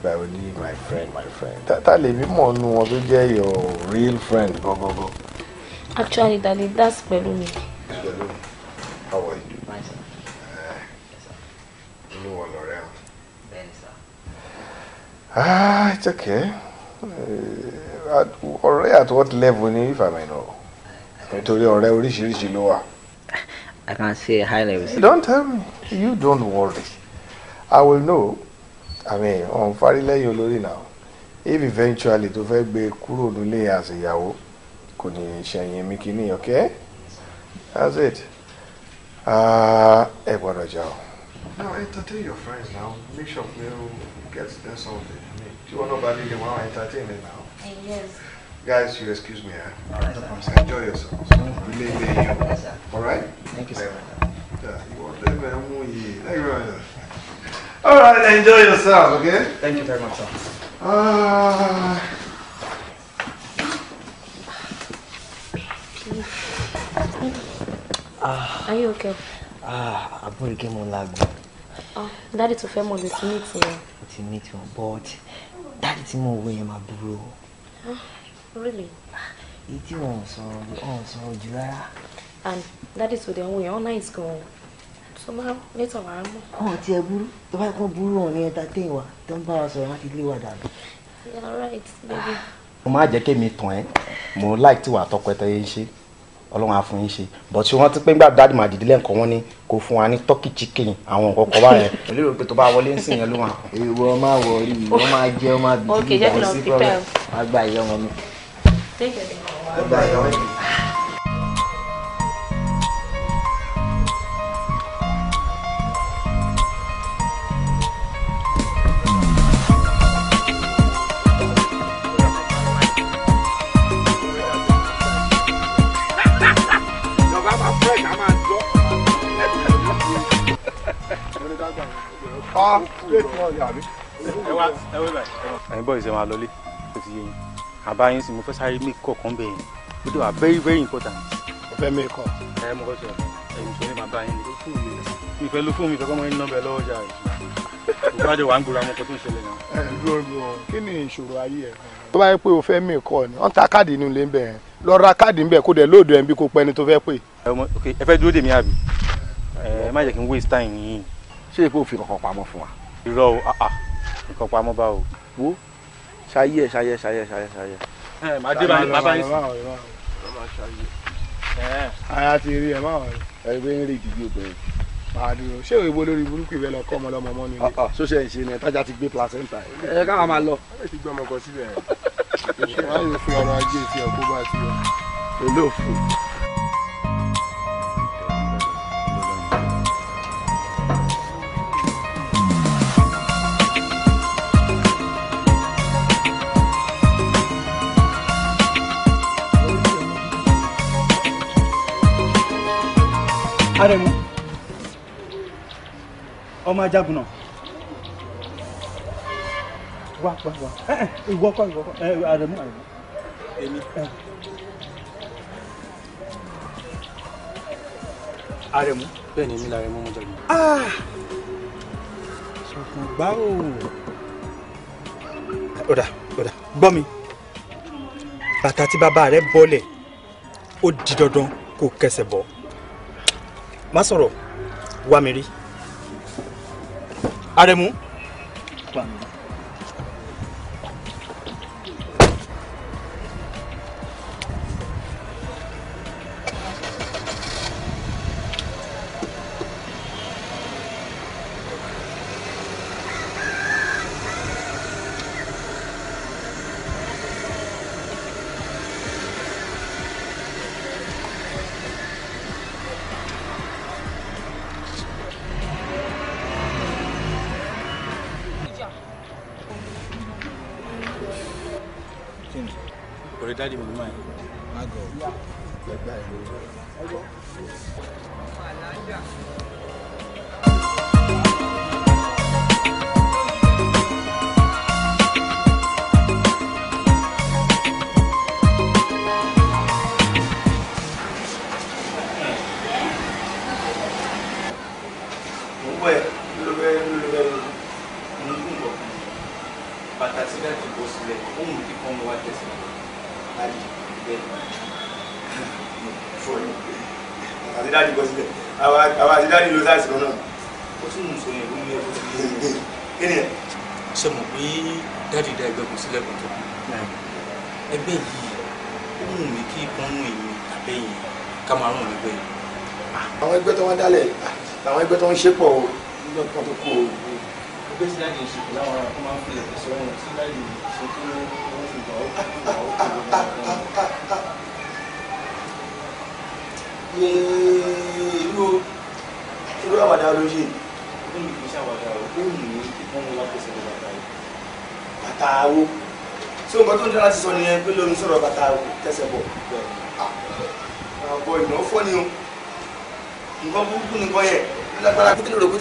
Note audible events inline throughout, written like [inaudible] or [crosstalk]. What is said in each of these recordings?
ìgbà ò ní my friend my friend tata lèmi mọ̀ nù wọn tó jẹ́ your real friend gọ́gọ́gọ́. actually dadi that's pẹ̀lú mi. pẹ̀lú how are you. Eh, inú wọn lọ̀rẹ́ o. bẹ́ẹ̀ni sá. ah it's okay. Eh, ọ̀rẹ́ at what level ni if I may know. nítorí ọ̀rẹ́ oríṣiríṣi ló wà. I can say high level. don't tell me you don't worry I will know. I mean ọ̀n farilẹ́yìn olórí náà if eventually tó fẹ́ gbé kúrò nílé àṣeyàwó kò ní ṣẹ̀yìn mi kìíní okay that's it ah, ẹ gbọ́dọ̀ jà o. now entertain your friends now make sure pé o get them something I mean tí wọn náà bá nílé wọn á entertain them now. yes. guys you excuse me eh? enjoy yourself ilé ilé yìí o all right. thank you sir. Yeah, you want eh, them, Thank you very much. All right, enjoy yourself, okay? Thank you very much, sir. Ah. Uh, Are you okay? Ah, aburike mo lagbo. Oh, daddy tó fẹ́ mọ̀ ló ti meet yẹn. Ó ti meet wọn but daddy tí mo away yẹn máa burú ah, Really? Èyí tí so, sọ̀rọ̀ ọ̀hún sọ̀rọ̀ jù And daddy to the ń wo yẹn online school somehow later wàá mọ̀. ọ̀hún ti ẹ burú tó bá burú ọ̀hún ní entertain wa tó ń bá wa sọ̀rọ̀ láti lé wa dànù. baby. mo máa jẹ́ kí èmi tàn ẹ́ mo like tiwa àtọkọ ẹ̀ tẹ́yẹ ń ṣe ọlọ́run á fún yín ṣe but ṣé wọ́n ti pé nígbà dáàdì máa dìde lẹ́ǹkan wọn ni kò fún wa ní turkey chicken àwọn nǹkan kan báyẹn mo lérò pé tó bá wọlé ń sìn yẹn ló wà. èèwọ̀ máa wọ̀ rí i wọ́n máa jẹ́ wọ́n máa bìí ìgbà sí pẹ́ẹ́rẹ́ àgbà ìyá ọmọ mi. Ah, ẹ̀yin bọ́ọ̀lù ṣe máa lọlé kò sí yẹn àbá yín sì mo fẹ́ sáré mí kọ̀ọ̀kan bẹ̀yìn ó dẹ̀ wà very very important. mo fẹ́ mí kọ́. ẹ mo kọ́ sọ ẹ̀yin tó ní màá bá yín ní lókùn mi mi fẹ́ lókùn mi fẹ́ kọ́ mọ́ yín nọ́mbẹ̀ lọ́wọ́ jà rẹ̀ ìgbàjọ wà ń gbòòrò àwọn ọkọ̀ tó ń ṣẹlẹ̀ náà. ẹ ló lọ kí ni ìṣòro ayé ẹ. tó bá yẹ pé o fẹ́ mí kọ́ ni wọ́n ta káàdì inú ilé ń bẹ̀ lọ ra káàdì ń bẹ̀ kó dẹ̀ lóòdù ẹ̀ ń bí kó pẹ́ ni tó fẹ́ pè. ẹ fẹ́ dúró dèmi àbí ẹ má jẹ́ kí n waste time yìí ṣé èpò òfin kankan pamọ́ fún wa. irọ́ o nǹkan pamọ́ bá o. wo ṣayé ẹ ṣayé ṣayé ṣayé ṣayé. ẹ máa dé máa bá yín sùn. ara ti rí ẹ má wà rẹ. ẹ gbé ń rí ìdíje obìnrin. máa dúró ṣé òwe bo lórí burúkú ìwé lọ kọ́ ọmọ lọ́mọ mọ́ nílé. sọ́sẹ̀ ń ṣe ni tájà ti gbé placenta ẹ̀. ẹ káwa máa lọ. ẹ ti gbọ́ ọmọ kan síbẹ̀. ìṣèwádìí fún ọrọ̀ ajé ti ọ̀kú bá ti wà. Aremu ọmọ ajagun náà wá wá wá eh, eh, ìwọ kọ́ ìwọ kọ́ eh, Aremu Aremu. Èmi. Aremu. Bẹ́ẹ̀ni èmi làrẹ̀ mú mú jagun. Ṣùgbọ́n ah! gbá o. Ọ̀dà ọ̀dà gbọ́ mi bàtà tí bàbá rẹ̀ bọ́lẹ̀ ó di dandan kó kẹsẹ̀ bọ́ má sọ̀rọ̀ wá mi rí Arẹ́mú wá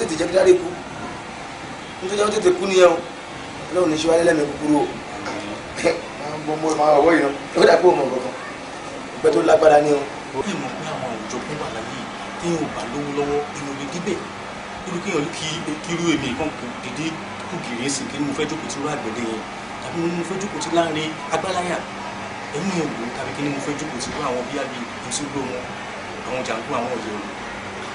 tètè jẹ́ kí dáre kú nítorí jẹ́ kó tètè kú nìyẹn o ọlọ́run ní ṣe wálé lẹ́mìí kúkúrú o mo máa wọ ìran ó dà pé òun ọ̀rọ̀ kan ìgbẹ́ tó lágbára ni o. ó lè mọ̀ pé àwọn àwùjọ kan wà láyé téèyàn ò bá lówó lọ́wọ́ inú mi díbẹ̀ inú kéèyàn kí irú èmi kan kò dédé kú gèrè sí kí mo fẹ́ jókòó tí irú àgbẹ̀dẹ yẹn tàbí mo fẹ́ jókòó tí láàrin agbáláyà ẹ̀yìn èwò tàbí kí ni mo fẹ́ jókòó tí irú àwọn bíi àbí ìtúgbò wọn àwọn jàǹkú àwọn ọ̀yẹ̀wò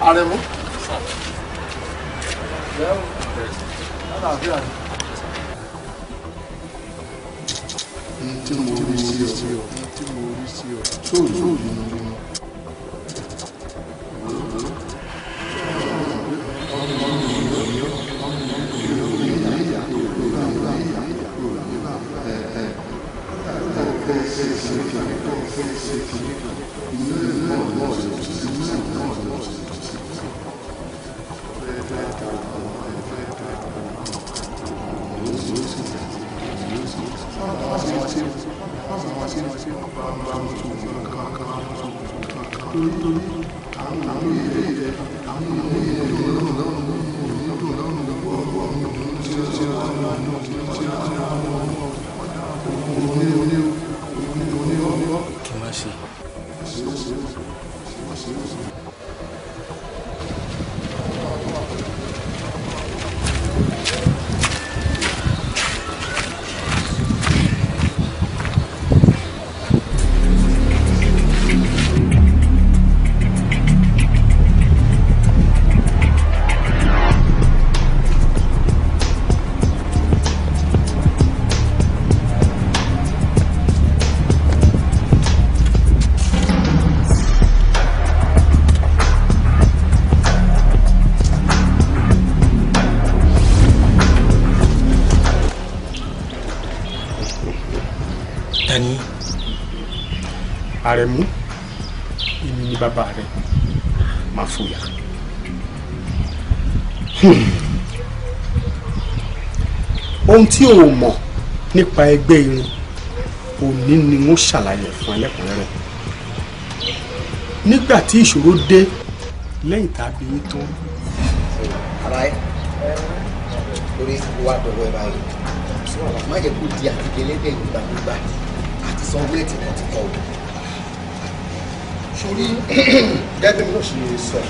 Aremu. Tí mo rí sí ọ, tí mo rí sí ọ, tó lóòrùn nínú. Lulu. rẹ mú èmi ni bàbá rẹ máa fòyà. ohun tí o mọ̀ nípa ẹgbẹ́ irun òní ni wọ́n ṣàlàyé fún ẹlẹ́kùnrẹ́rẹ́ nígbà tí ìṣòro dé lẹ́yìn tàbí tán. ara ẹ lórí wa dọ̀wọ́ ẹ báyìí sọ̀rọ̀ má jẹ́ kó di àtìkẹ́lẹ́gbẹ̀ẹ́ ìgbàgbọ́gbà àti sanwó-ẹ̀tì kan ti kọ̀ wọ́n sórí [coughs] gẹ́gẹ́ mi náà ṣe sọ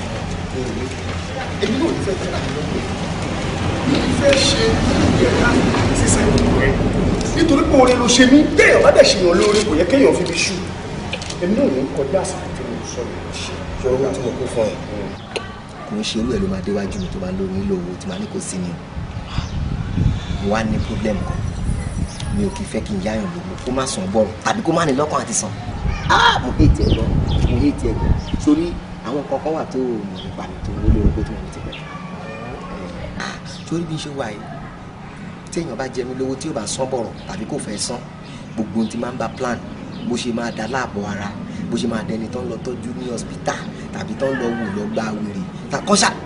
èmi náà ní fẹ́ tẹ̀lé àwọn ọmọ mi ní fẹ́ ṣe ìyẹ̀dá sísẹ́ rẹ̀ nítorí pé oore ló ṣe mí téèyàn bá dẹ̀ ṣe yàn lóore kò yẹ kéèyàn fi fi ṣú èmi náà ní kọjá àsìkò tí mo sọ yìí ṣe owó tí mo kó fún ẹ. kò ń ṣe irú ẹ̀ ló máa déwájú mi tó máa lórí nílò owó tí màá ní kò sí ni mo wá ní pọ́blẹ́mù kan mi ò kì í fẹ́ kí n yáyàn lówó kó má sàn bọ́ọ̀rù tàbí kó má ní lọ́kàn àti sàn ah mo hate ẹ lọ mo hate ẹ lọ sórí àwọn kọ̀ọ̀kan wà tó mọ̀ nípa mi tó wọlé orogbo tó wọ́n ti pẹ̀lú eh, ah sórí bí ṣe wà yìí téèyàn bá jẹ mí lówó tí ó bá sán bọ̀rọ̀ tàbí kò fẹ́ sán gbogbo ti máa ń ba plan bó ṣe máa da láàbọ̀ ara bó ṣe máa dẹni tó lọ tọ́jú ní hospital tàbí tó ń lọ wò lọ gba wèrè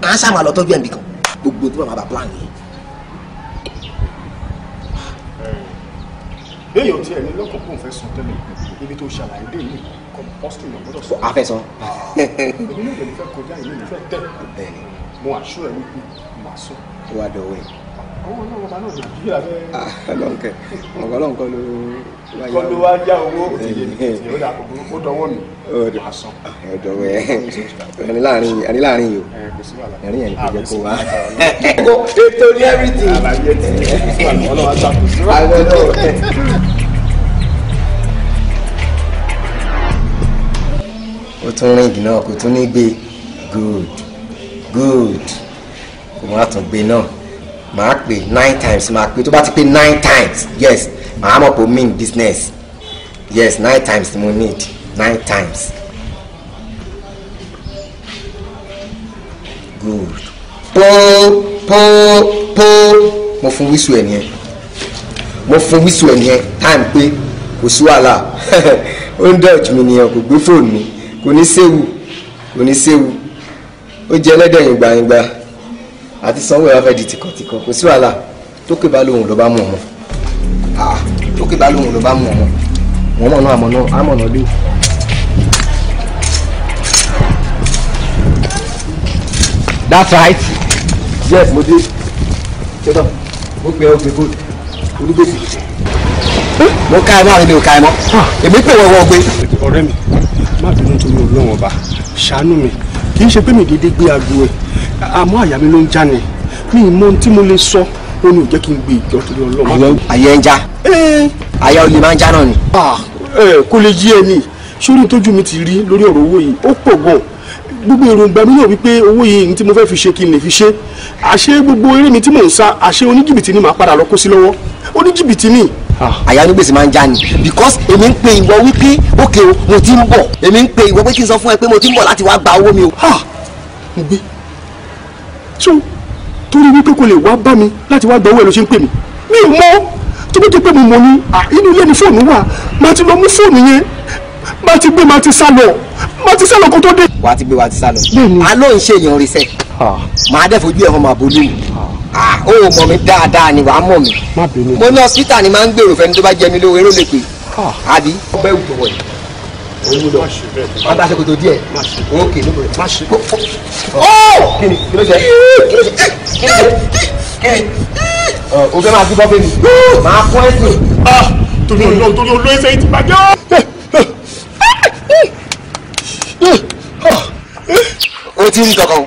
kàn ṣáà máa lọ tọ́jú ẹ̀mí kan gbogbo tí màmá bá plan yìí. béèyàn tiẹ̀ ní lọ́kọ̀ọ́kùn fẹ́ sùn tẹ́lẹ̀ ibi tó ṣàlàyé dé yìí kọmpọ́sítì lọ gbọ́dọ̀ sọ. àfẹsán. Ah, èmi náà lè fẹ́ kọjá èmi lè fẹ́ bẹ́ẹ̀ni. mo àṣọ ẹ wípé màá sọ. ó wá dọ̀wọ́ ẹ̀. àwọn ọlọ́run bá náà nàìjíríà bẹ́ẹ̀. Ah, ọlọ́run ló wá yá owó. kọ́ ló wá yá owó ó dà kó mi màá ó dọwọ́ ẹ ẹni láàrin ẹni láàrin yẹn kò jẹ kó wá. Ah, [laughs] ètò ní everything. àlàyé ti ní [laughs] ọlọ́run àtàkùn. [laughs] ó tún ríǹgì náà kò tún ní gbé good good kò má tún gbé náà màá pè nine times màá pè tó bá ti pè nine times yes màá mọ̀ pé o mean business yes nine times ni mo need nine times good pọ́n pọ́n pọ́n mo fún wíṣọ ẹ̀ nìyẹn mo fún wíṣọ ẹ̀ nìyẹn time pé kò sí wàhálà [laughs] ó ń dọ̀jú mi nìyẹn kò gbé fóònù mi kò ní séwu kò ní séwu ó jẹ ẹlẹ́dẹ̀ yìngbà yìngbà àti sanwó ìwà fẹ́ di tìkọ̀tìkọ̀ kò sí wàhálà tókè bá lóhùn ló bá mú ọmọ ah, tókè bá lóhùn ló bá mú ọmọ wọn mọ̀ náà àmọ̀ náà lé. that's right yes mo dé ṣẹ́tọ̀ mo pè ọ́ pé kó onígbèsè mo ká ẹ mọ́ àwọn èmi ò ká ẹ mọ́ ah, èmi pè wọ́n wọ́n gbé. ọ̀rẹ́ mi má bínú torí Ọlọ́run ọba ṣàánú mi kì í ṣe pé mi dédé gbé aago ẹ̀ àmọ́ àyà mi ló ń já ni mi ì mọ ohun tí mo lè sọ ó ní ò jẹ́ kí n gbé ìjọ torí Ọlọ́run. àyà ń já àyà olè máa ń já náà ni. Ah, kó lè jí ẹni sórí tójú mi ti rí lórí ọ̀rọ̀ owó yìí ó pọ̀ gan gbogbo èròǹgbà mi náà wípé owó yìí ní tí mo fẹ́ fi ṣe kí n lè fi ṣe àṣé gbogbo eré mi tí mò ń sá àṣé oníjìbìtì ni màá padà lọ kó sí lọ́wọ́ oníjìbìtì ni Ah. àyà onígbèsè máa ń já ni because èmi ń pe ìwọ wípé òkè o mo ti ń bọ̀ èmi ń pe ìwọ pé kí n sọ fún ẹ pé mo ti ń bọ̀ láti wá gba owó mi o. Ah! mo gbé so torí wípé kò lè wá bá mi láti wá gba owó ẹ ló ṣe ń pè mí mi ò mọ tó bá jẹ́ pé mo mọ ni inú ilé ni fóònù wà máa ti lọ mú fóònù yẹn máa ti gbé máa ti sá lọ máa ti sá lọ kó tó dé. wàá ti gbé wàá ti sá lọ. bẹ́ẹ̀ni a ló ń ṣe èèyàn rìsẹ ah. máa dẹ fojú ẹ hàn máa bolú mi ó ah, mọ̀ mí dáadáa ni wàá mọ̀ mí mo ní ọsítà ni máa ń gbèrò fẹni tó bá jẹ mí lówó eré lè pè ah. àbí ọbẹ̀ ìjọwọ́ yìí òun lọ wọn bá ṣèkòtò díẹ̀ òkè ló bẹ̀rẹ̀ má ṣe kó ó oh! kí ni kí ló ṣe kí ló ṣe eh! kí ló ṣe eh, o fẹ́ máa dúpọ́ bẹ́ẹ̀ ni máa fọ́ ẹ̀sìn. Ah! torí olóò torí olóò ẹsẹ̀ yìí ti bàjẹ́ o. Eh, o ti rí kankan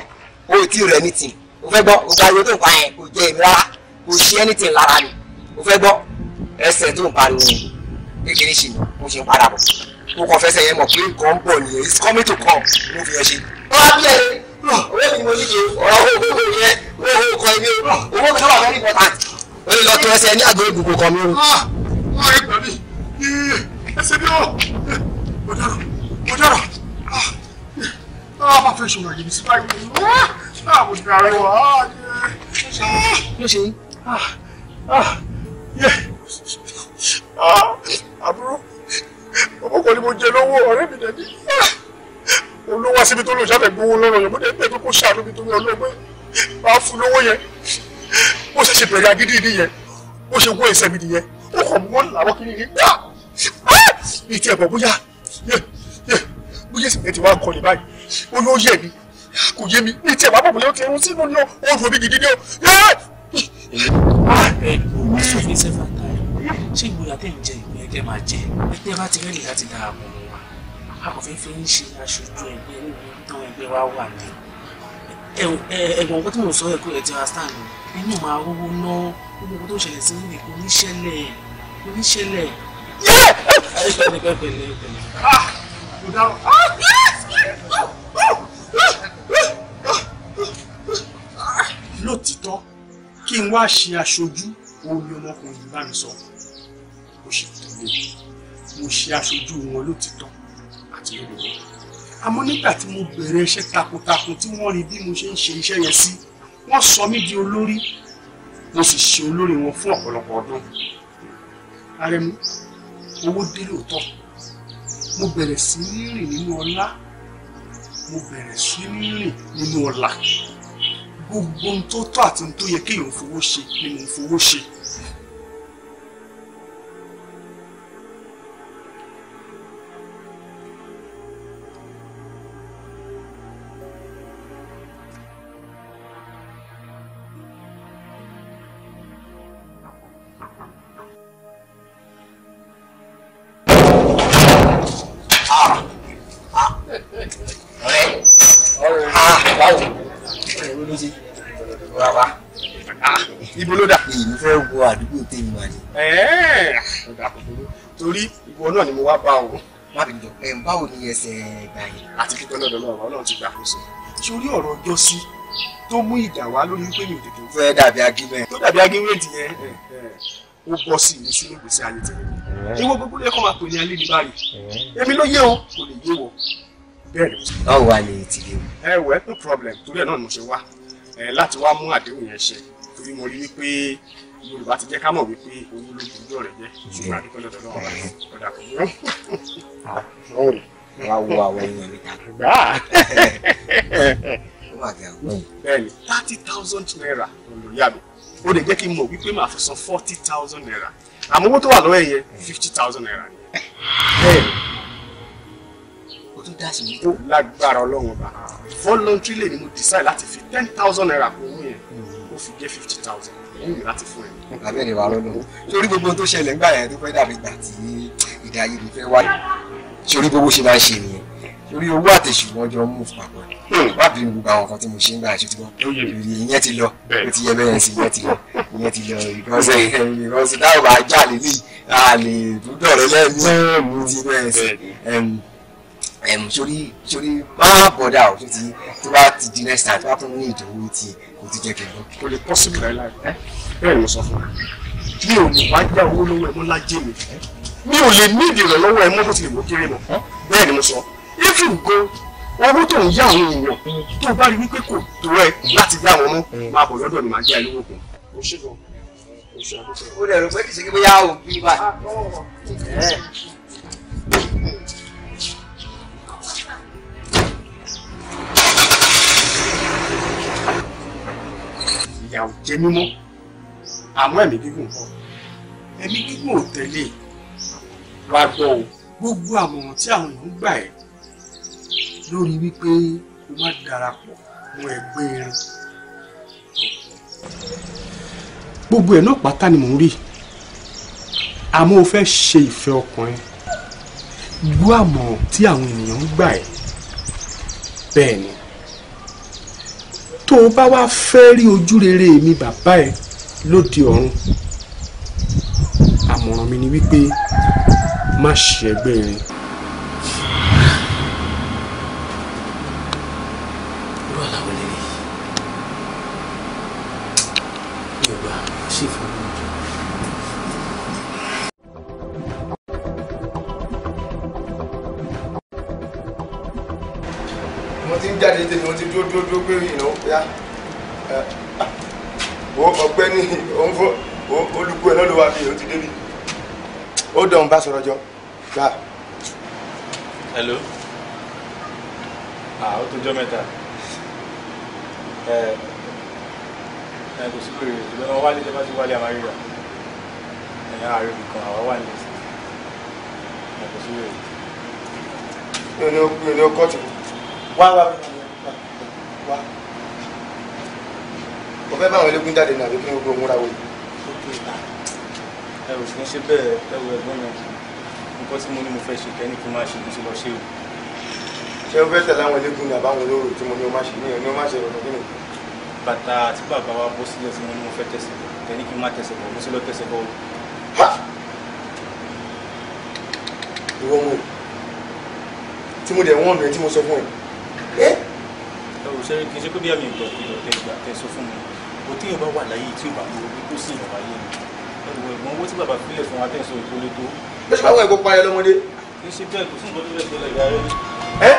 o ti rẹ̀ ní tì o fẹ́ gbọ́ gbogbo ayé tó ń pa yẹn kò jẹ́ èmi rárá kò ṣe anything lára mi o fẹ́ gbọ́ ẹsẹ̀ tó ń pariwo kékeré ṣe ni mo ṣe ń padà bọ̀ mo kàn fẹsẹ̀ yẹn mọ̀ pé nǹkan ń bọ̀ nìyẹn it's coming to come mo fi yẹn ṣe. wọ́n á bí ẹ ọ̀rẹ́ hm, mi mo yíye ọ̀rọ̀ owó owó yẹn owó owó hm, kan ibi owó mi lọ́wọ́ very important. ó lè lọ tó ẹsẹ̀ ní àgọ́ ìgbòho kan mi o. Hm, wọ́n rí pẹ̀lú ẹsẹ̀ bí ó mo dára mo dára ah ah máa fẹ́ ṣòro àyè mi sí báyìí ló ṣe yín. àbúrò ọmọ kan ni mo jẹ lọ́wọ́ ọ̀rẹ́ mi dẹ̀bi olówó síbi tó lò ṣàfẹ́ gbowó lọ́rọ̀ yẹn mo dẹ̀ bẹ́ẹ̀ pé kó ṣàánú mi torí ọlọ́gbẹ́ máa fún lówó yẹn bó ṣe ṣe bẹ̀rẹ̀ agídí nìyẹn bó ṣe wó ẹsẹ̀ mi nìyẹn ó kàn mọ́ làwọn kiri ní gbà ní ti ẹ̀bọ̀ bóyá bóyá sì bẹ́ẹ̀ ti wá kọ́ni báyìí ó yóò yẹ̀ mí kò mi ní tiẹ̀ wá bọ̀ bóyá ó ti ẹ̀rún sínú ní oòrùn mi gidi ni ó. wọ́n sọ ní sẹ́fà táyà ṣé ìgboyà tẹ̀ ń jẹ ìgboyà jẹ́ máa jẹ ẹgbẹ́ bá ti rẹ́lì láti dára pọ̀ mọ́ wa akọ̀fẹ́ fi ń ṣe aṣojú ẹgbẹ́ níbi táwọn ẹgbẹ́ wa wà ní. ẹ̀gbọ́n kan tí mo sọ ẹ̀kọ́ ẹ̀ ti ra stand nínú máa rówó ná gbogbo tó ṣẹlẹ̀ sí ní oníṣẹ́lẹ̀ oníṣẹ́lẹ̀. pẹ̀lẹ́ pẹ̀lẹ́ pẹ̀lẹ́. ah mo dáhùn lótìtọ́ kí n wá ṣe aṣojú òun ni ọmọkùnrin yìí bá mi sọ mo ṣe tẹ̀lé mo ṣe aṣojú wọn lótìtọ́ àti lódodo àmọ́ nígbà tí mo bẹ̀rẹ̀ iṣẹ́ takuntakun tí wọ́n rí bí mo ṣe ń ṣe iṣẹ́ yẹn sí wọ́n sọ mí di olórí mo sì ṣe olórí wọn fún ọ̀pọ̀lọpọ̀ ọdún Àrẹ̀mú owó dé lóòótọ́ mo bẹ̀rẹ̀ sí ní nínú ọlá mo bẹ̀rẹ̀ sí í rìn nínú ọ̀la gbogbo ohun tó tọ́ àti ohun tó yẹ kéèyàn fowó ṣe ni mo fowó ṣe. tẹ̀yìn wá ni. torí ìwọ náà ni mo wá bá o. má bẹ̀rẹ̀ jọ ẹ̀ ń báwo ni ẹsẹ̀ gbà yẹn. àti kíkọ́ náà lọ́wọ́ ọlọ́run ti gbà fún sọ. sórí ọ̀rọ̀ ọjọ́ sí tó mú ìdà wá lórí wípé mi ò tètè fẹ́ dàbí agímẹ̀. tó dàbí agímẹ̀ ti yẹn ó bọ́ sí mi sínú ìgbésí ayé tẹ̀lé. ìwọ gbogbo lẹ́kọ̀ọ́ máa pè ní alẹ́ ní báyìí. èmi ló yé o kò lè yé wọ bẹ́ẹ̀ ni. báwo wà ní ìtìlẹ̀ Yorùbá ti jẹ́ ká mọ̀ wípé owó ló ju ojú ọ̀rẹ́ jẹ́ ṣùgbọ́n àdúgbò lọ́dọ̀ lọ́wọ́ wa ọ̀dà kò yọ. wá thirty thousand naira olùyàbò ó lè jẹ́ kí n mọ̀ wípé màá fi forty thousand naira àmọ́ owó tó wà lọ́wọ́ ẹ̀ fifty thousand naira ni. bẹ́ẹ̀ni o tún dá sí i. ó lágbára ọlọ́run ọba voluntarily ni mo decide láti fi ten thousand naira kún owó yẹn ó fi jẹ́ fifty thousand ìlú láti fún ẹ. abẹ́rẹ́ wa lọ́dún sórí gbogbo tó ṣẹlẹ̀ ńgbà yẹn tó fẹ́ dàbí gbà tí ìdá yìí ló fẹ́ wáyé sórí gbogbo ṣe máa ń ṣe nìyẹn sórí owó àtẹ̀sùnmọ́ jọ mú papọ̀ wá hmm. bí gbogbo àwọn nǹkan tí mo ṣe ń gbà ṣe tí wọ́n ìyẹn ti lọ ó ti yẹ bẹ́ẹ̀ sí ìyẹn ti lọ ìyẹn ti lọ ìrọ̀sẹ̀ ìrọ̀sẹ̀ dáhùn bá jà lélẹ̀ àlè dúdọ̀ rẹ lẹ́yìn ti bẹ́ẹ̀ sí sórí sórí máa bọ̀dà ò tó ti tó bá ti di next time tó bá tún ní ìdánwò tí kò ti jẹ́ kẹ̀kọ́. kò lè possible láyé láyé bẹ́ẹ̀ mo sọ fún mi ò lè wá já owó lọ́wọ́ ẹ mọ́ lájẹ́ mi mi ò lè ní ìdè rẹ̀ lọ́wọ́ ẹ mọ́ bó ti lè mọ́ kéré mọ́ bẹ́ẹ̀ ni mo sọ if you go owó tó ń yá àwọn èèyàn tó bá rí wípé kò tó ẹ láti dá àwọn ọmọ máa bọ̀ lọ́dọ̀ mi máa jẹ́ àìlówó kan. mo ṣe kàn mo ṣe àdúgbò. ó ìyà ò jẹ mímọ́ àmọ́ ẹ̀mí gígùn kọ́ ẹ̀mí gígùn ò tẹ̀lé wá gbọ́ o gbogbo àmọ̀ràn tí àwọn èèyàn gbà ẹ́ lórí wípé o má darapọ̀ mọ́ ẹgbẹ́ irin gbogbo ẹ̀ náà pátá ni mò ń rí àmọ́ o fẹ́ ṣe ìfẹ́ ọkùnrin gbọ́ àmọ̀ràn tí àwọn ènìyàn gbà ẹ́ bẹ́ẹ̀ ni tó o bá wá fẹ́ rí ojú rere mi bàbá ẹ lóde ọ̀run àmọ̀ràn mi ni wípé má ṣe ẹgbẹ́ rẹ. yá ọgbẹ́ ní òun fún olùkú ẹ̀ náà ló wà bí òun ti débi ó dọ̀hún bá sọ̀rọ̀ jọ gbà. hello ah ó tó jọ mẹ́ta ẹ ẹ kò sí pèrè ìjọba wọn wálé ìjọba ti wálé àmàríyà ẹ̀yà ààrẹ nìkan àwa wà ní ẹ̀sìn ẹ kò sí pèrè. mi ò ní kọ́ọ̀tù wá wá wá o fẹ́ bá àwọn eléégún jáde ní àbí kí n gbogbo múra wo. ẹ ò kí n ṣe bẹ́ẹ̀ ẹ wo ẹ̀gbọ́n mi nǹkan tí mo ní mo fẹ́ ṣe kẹ́ni kí n máa ṣe kí n ṣe lọ ṣe o. ṣé o fẹ́ tẹ̀lé àwọn eléégún ní àbáwọn olóró tí mo ní o má ṣe ní o ní o má ṣe ọ̀nà kí ni. bàtà àti bàbá wa bó sílẹ̀ tí mo ní mo fẹ́ tẹ̀sẹ̀ bọ̀ kẹ́ni kí n má tẹ̀sẹ̀ bọ̀ mo sì lọ tẹ̀sẹ̀ bọ̀ o. ìwọ mo tí mo dẹ̀ wọ́n mi tí mo sọ fún ẹ. ẹ ò ṣe kí n ṣe pé bí àmì ìgbà ìgbà tẹ̀ sọ fún mi o tí èèyàn bá wà láyé tí o bá lówó pé kó sì èèyàn wáyé ni ẹ̀wọ̀ ẹ̀gbọ́n owó tí bàbá fílẹ̀ fún wa tẹ̀sán ìtòlé tó. bẹ́ẹ̀ bá wọ ẹ̀gbọ́n pa ẹ lọ́mọdé. kì í ṣe bẹ́ẹ̀ kò sí nǹkan tó fẹ́ ṣẹlẹ̀ ìyá rẹ. ẹ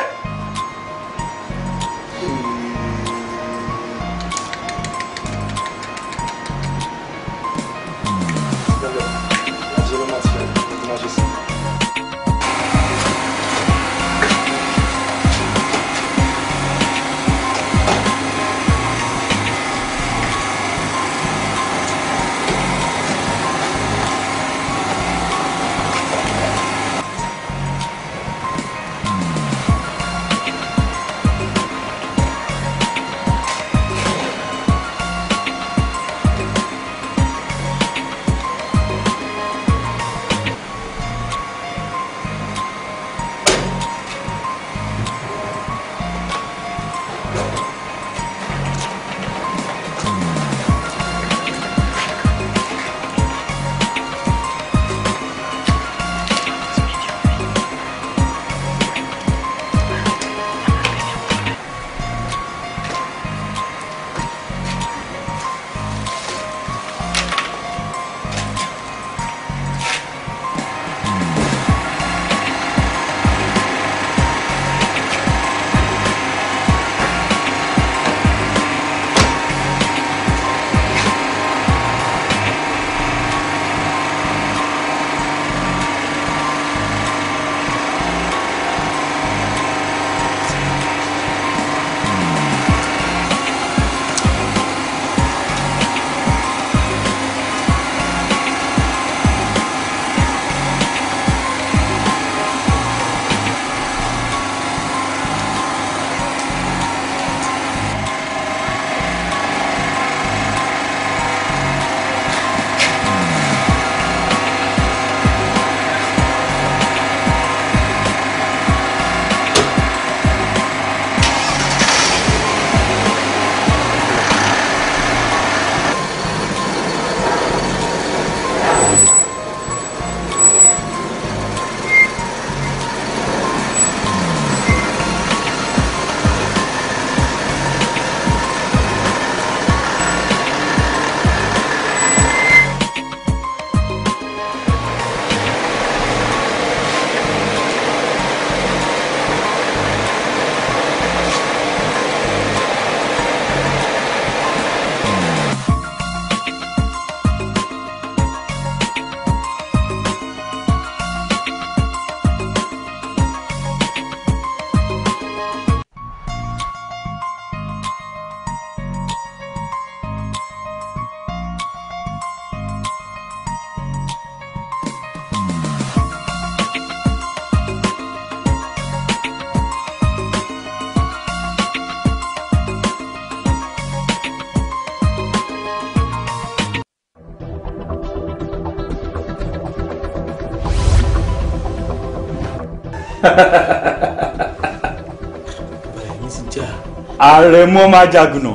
àrẹ̀mọ máa jagùnà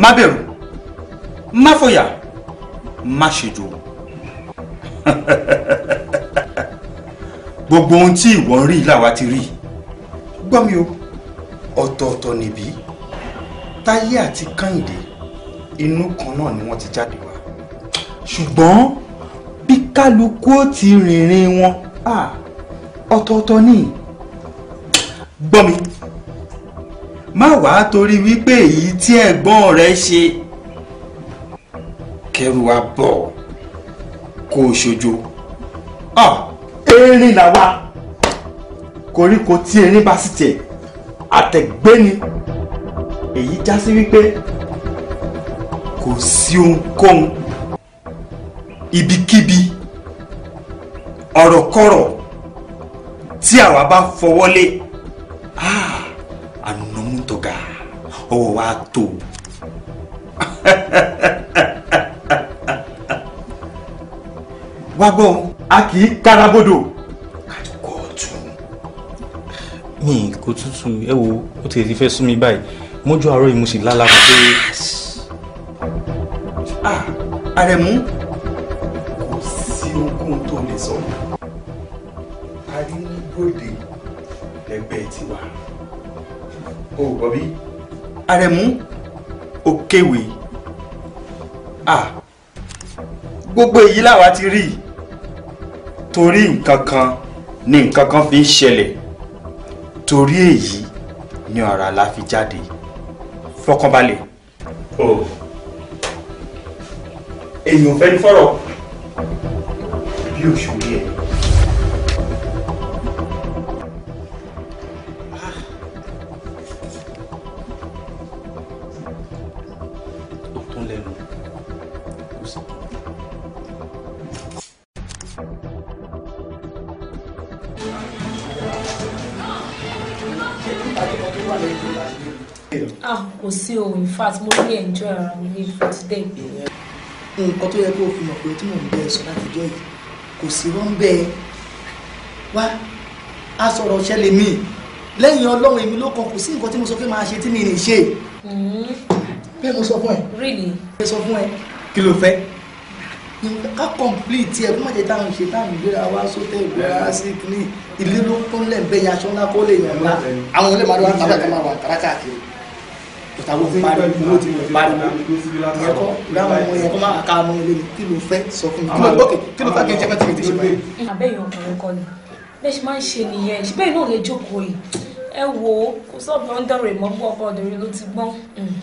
má bẹ̀rù má fòyà má ṣèjò gbogbo ohun tí ìwọ ń rí làwa ti rí gbọ́ mi o ọ̀tọ̀ọ̀tọ̀ níbí táyé àti kẹ́hìndé inú kan náà ni wọ́n ti jáde wá ṣùgbọ́n bí kálukú ó ti rìnrìn wọn ọ̀tọ̀ọ̀tọ̀ nìyí gbọ́ mi má wàá torí wípé èyí tí ẹ̀gbọ́n rẹ ṣe kẹrù wa bọ̀ kó o ṣojo ọ erin làwa koríko tí erin bá sì tẹ̀ àtẹ̀gbẹ́ ni èyí já sí wípé kò sí ohunkóhun ibikíbi ọ̀rọ̀kọ́rọ̀ tí àwa bá fọwọ́ lé ọ̀gá ọwọ́ wa tó wá gbọ́ a kì í karabodò kàdúkọ ọ̀tún. mi kò tútù ẹ wo ó ti ti fẹ́ sún mi báyìí mọ́jú àárọ̀ yìí mo sì lálàá pé. Ah, àrẹ̀mú kò sí ogún tó lè sọ o Bobby, bí àrẹ̀mú ah gbogbo èyí làwa ti rí torí nǹkan kan ni nǹkan kan fi ń ṣẹlẹ̀ torí èyí ni ọ̀rá la fi jáde fọkànbalẹ̀. o èyí ò fẹ́ ní fọ́rọ̀ bí òṣèré ẹ̀. fact mo really enjoy ara mi ní for today. nǹkan tó yẹ kó fi mọ̀ pé tí mò ń bẹ sọ láti jọ yìí kò sí wọ́n bẹ ẹ wá a sọ̀rọ̀ ṣẹlẹ̀ mi lẹ́yìn ọlọ́run èmi ló kàn kò sí nǹkan tí mo sọ pé máa ṣe tí mi lè ṣe. Mm-hmm. bẹ́ẹ̀ mo sọ fún ẹ. really. mo sọ fún ẹ kí ló fẹ́ ká complete ẹ kó má táwọn ṣe táwọn ìgbéra wa sóté ìgbéra sí ní ilé ló kún lẹ́ẹ̀bẹ́yìn aṣọ lè yàn ńlá àwọn olè máa lọ wọn tàbí àtàwọn àwọn àtàrà káàkiri ìtàwọn fún parí owó tí mo fi parí ẹ̀kọ́ ìdáhùn ọmọ yẹn kó má ká ọmọ ilé mi kí ló fẹ́ sọ fún mi kí ló ah. gbókè kí ló fà kí n jẹ́ pẹ́tì mi ti ṣe báyìí. àbẹ́yìn ọkùnrin kan ni bẹ́ẹ̀ ṣe máa ń ṣe nìyẹn bẹ́ẹ̀ náà lè jókòó yìí ẹ wò ó kó sọ́ọ̀bù ń dọ̀rọ̀ ìmọ̀ gbọ́ ọkọ̀ ọ̀dọ̀rẹ́ ló ti gbọ́n mm.